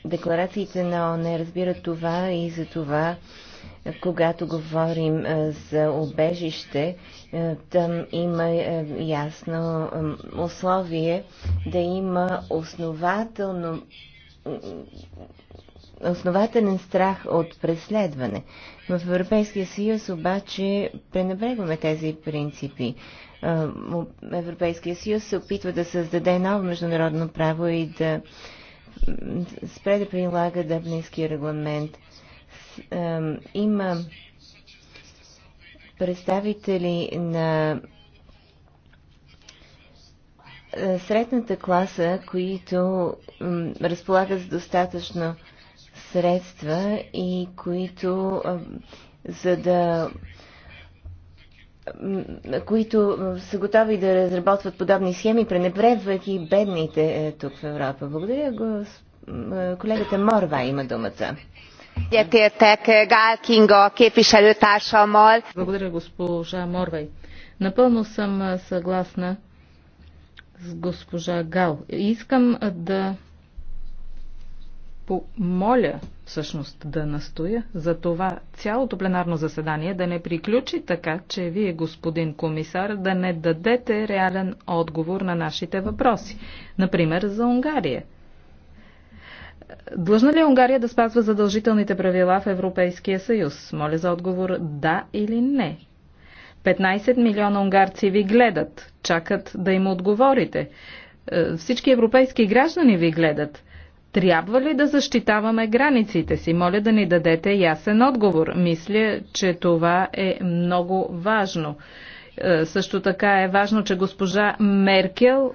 Декларациите на не разбират това и за това, когато говорим за обежище, там има ясно условие да има основателно основателен страх от преследване. В Европейския съюз обаче пренебрегваме тези принципи. Е, Европейския съюз се опитва да създаде ново международно право и да спре да прилага Дъблинския регламент. Има представители на е, средната класа, които разполагат с достатъчно средства и които за да които са готови да разработват подобни схеми, пренебрегвайки бедните е, тук в Европа. Благодаря, госп... Е, колегата Морва има думата. Благодаря, госпожа Морвай. Напълно съм е, съгласна с госпожа Гал. Искам да помоля всъщност да настоя за това цялото пленарно заседание да не приключи така, че вие, господин комисар, да не дадете реален отговор на нашите въпроси. Например, за Унгария. Длъжна ли е Унгария да спазва задължителните правила в Европейския съюз? Моля за отговор да или не. 15 милиона унгарци ви гледат, чакат да им отговорите. Е, всички европейски граждани ви гледат. Трябва ли да защитаваме границите си? Моля да ни дадете ясен отговор. Мисля, че това е много важно. Е, също така е важно, че госпожа Меркел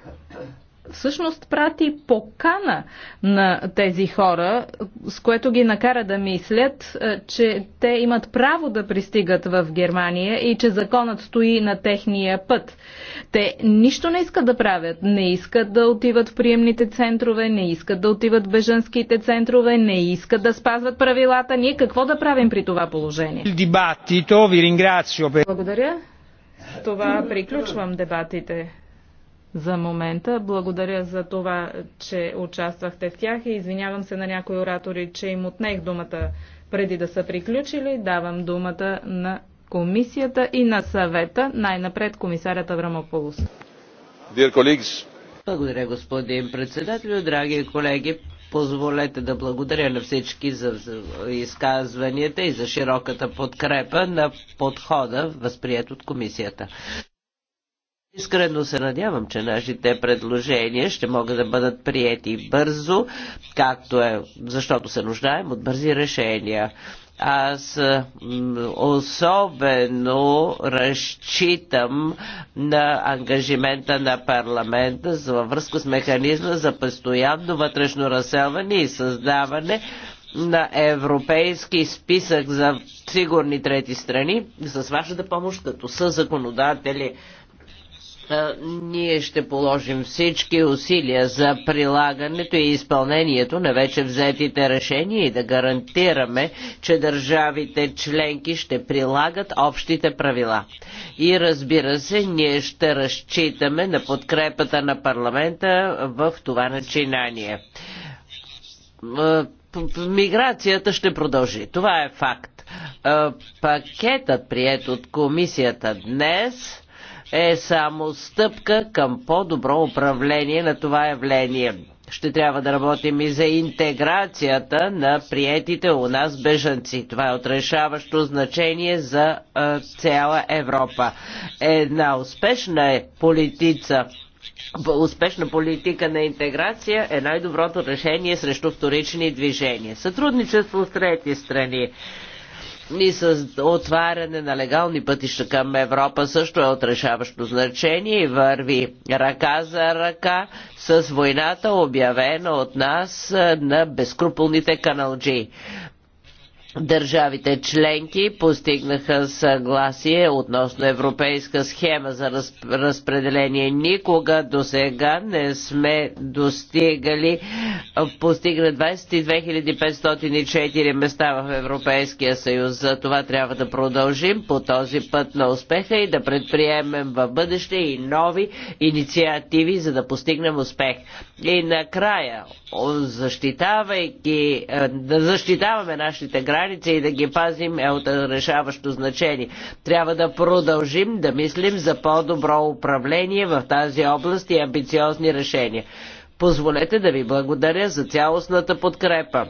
всъщност прати покана на тези хора, с което ги накара да мислят, е, че те имат право да пристигат в Германия и че законът стои на техния път. Те нищо не искат да правят. Не искат да отиват в приемните центрове, не искат да отиват в беженските центрове, не искат да спазват правилата. Ние какво да правим при това положение? Благодаря. Това приключвам дебатите за момента. Благодаря за това, че участвахте в тях и извинявам се на някои оратори, че им отнех думата преди да са приключили. Давам думата на комисията и на съвета, най-напред комисарят Аврамополус. Благодаря, господин председател, драги колеги. Позволете да благодаря на всички за изказванията и за широката подкрепа на подхода, възприят от комисията. Искрено се надявам, че нашите предложения ще могат да бъдат приети бързо, както е, защото се нуждаем от бързи решения. Аз особено разчитам на ангажимента на парламента във връзка с механизма за постоянно вътрешно разселване и създаване на европейски списък за сигурни трети страни с вашата помощ като са законодатели ние ще положим всички усилия за прилагането и изпълнението на вече взетите решения и да гарантираме, че държавите членки ще прилагат общите правила. И разбира се, ние ще разчитаме на подкрепата на парламента в това начинание. Миграцията ще продължи. Това е факт. Пакетът, прият от комисията днес, е само стъпка към по-добро управление на това явление. Ще трябва да работим и за интеграцията на приетите у нас бежанци. Това е отрешаващо значение за а, цяла Европа. Една успешна е политица успешна политика на интеграция е най-доброто решение срещу вторични движения. Сътрудничество с трети страни и с отваряне на легални пътища към Европа също е отрешаващо значение и върви ръка за ръка с войната, обявена от нас е, на безкруполните каналджи. Държавите членки постигнаха съгласие относно европейска схема за разпределение. Никога до сега не сме достигали, постигна 22 504 места в Европейския съюз. За това трябва да продължим по този път на успеха и да предприемем в бъдеще и нови инициативи, за да постигнем успех. И накрая, защитавайки, е, да защитаваме нашите граждани, граници и да ги пазим е от решаващо значение. Трябва да продължим да мислим за по-добро управление в тази област и амбициозни решения. Позволете да ви благодаря за цялостната подкрепа.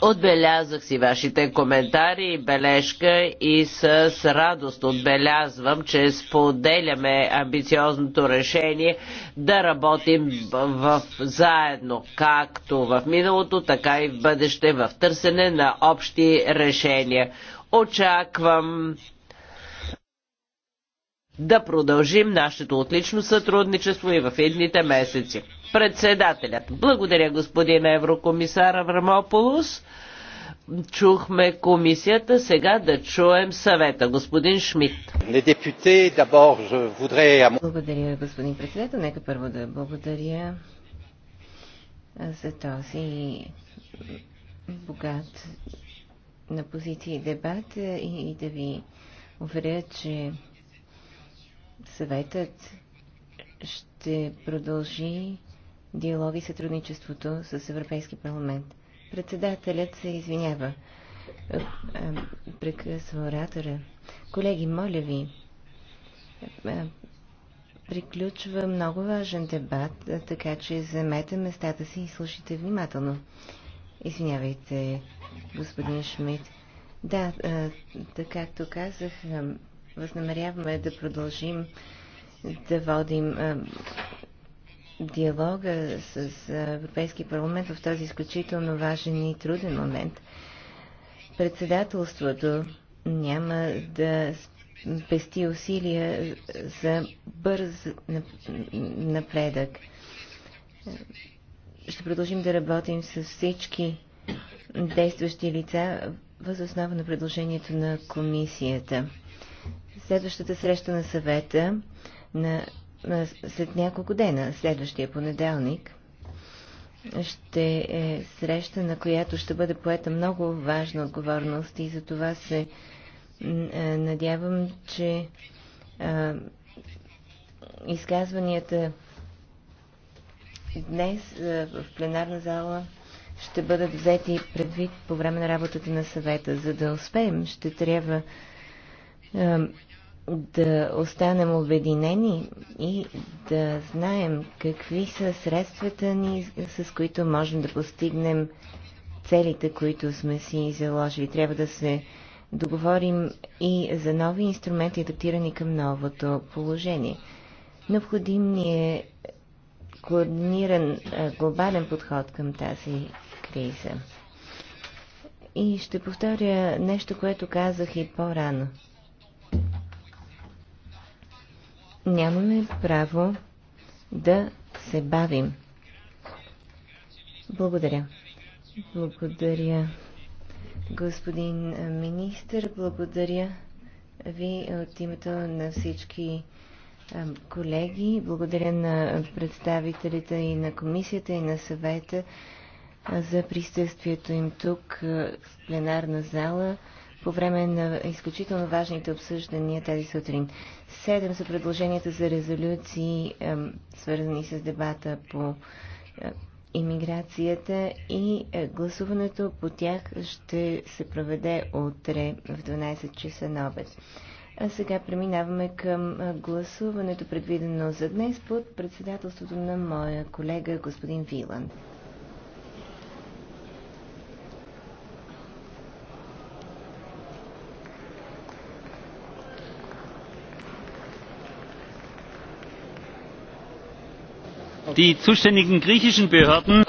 Отбелязах си вашите коментари и бележка и с радост отбелязвам, че споделяме амбициозното решение да работим в, заедно, както в миналото, така и в бъдеще, в търсене на общи решения. Очаквам да продължим нашето отлично сътрудничество и в едните месеци. Председателят. Благодаря, господин Еврокомисар Аврамополус. Чухме комисията, сега да чуем съвета. Господин Шмидт. Благодаря, господин председател. Нека първо да благодаря за този богат на позиции дебат и да ви уверя, че съветът ще продължи диалог и сътрудничеството с Европейски парламент. Председателят се извинява. Е, е, прекъсва оратора. Колеги, моля ви, е, приключва много важен дебат, така че замете местата си и слушайте внимателно. Извинявайте, господин Шмидт. Да, така както казах, възнамеряваме да продължим да водим диалога с Европейския парламент в този изключително важен и труден момент. Председателството няма да пести усилия за бърз напредък. Ще продължим да работим с всички действащи лица въз основа на предложението на комисията. Следващата среща на съвета на след няколко дена, следващия понеделник, ще е среща, на която ще бъде поета много важна отговорност и за това се надявам, че а, изказванията днес а, в пленарна зала ще бъдат взети предвид по време на работата на съвета. За да успеем, ще трябва а, да останем обединени и да знаем какви са средствата ни, с които можем да постигнем целите, които сме си заложили. Трябва да се договорим и за нови инструменти, адаптирани към новото положение. Необходим ни е координиран глобален подход към тази криза. И ще повторя нещо, което казах и по-рано – нямаме право да се бавим. Благодаря. Благодаря, господин министр. Благодаря ви от името на всички колеги. Благодаря на представителите и на комисията и на съвета за присъствието им тук в пленарна зала по време на изключително важните обсъждания тази сутрин. Седем са предложенията за резолюции, свързани с дебата по е, иммиграцията и е, гласуването по тях ще се проведе утре в 12 часа на обед. А сега преминаваме към е, гласуването, предвидено за днес под председателството на моя колега господин Вилан. die zuständigen griechischen Behörden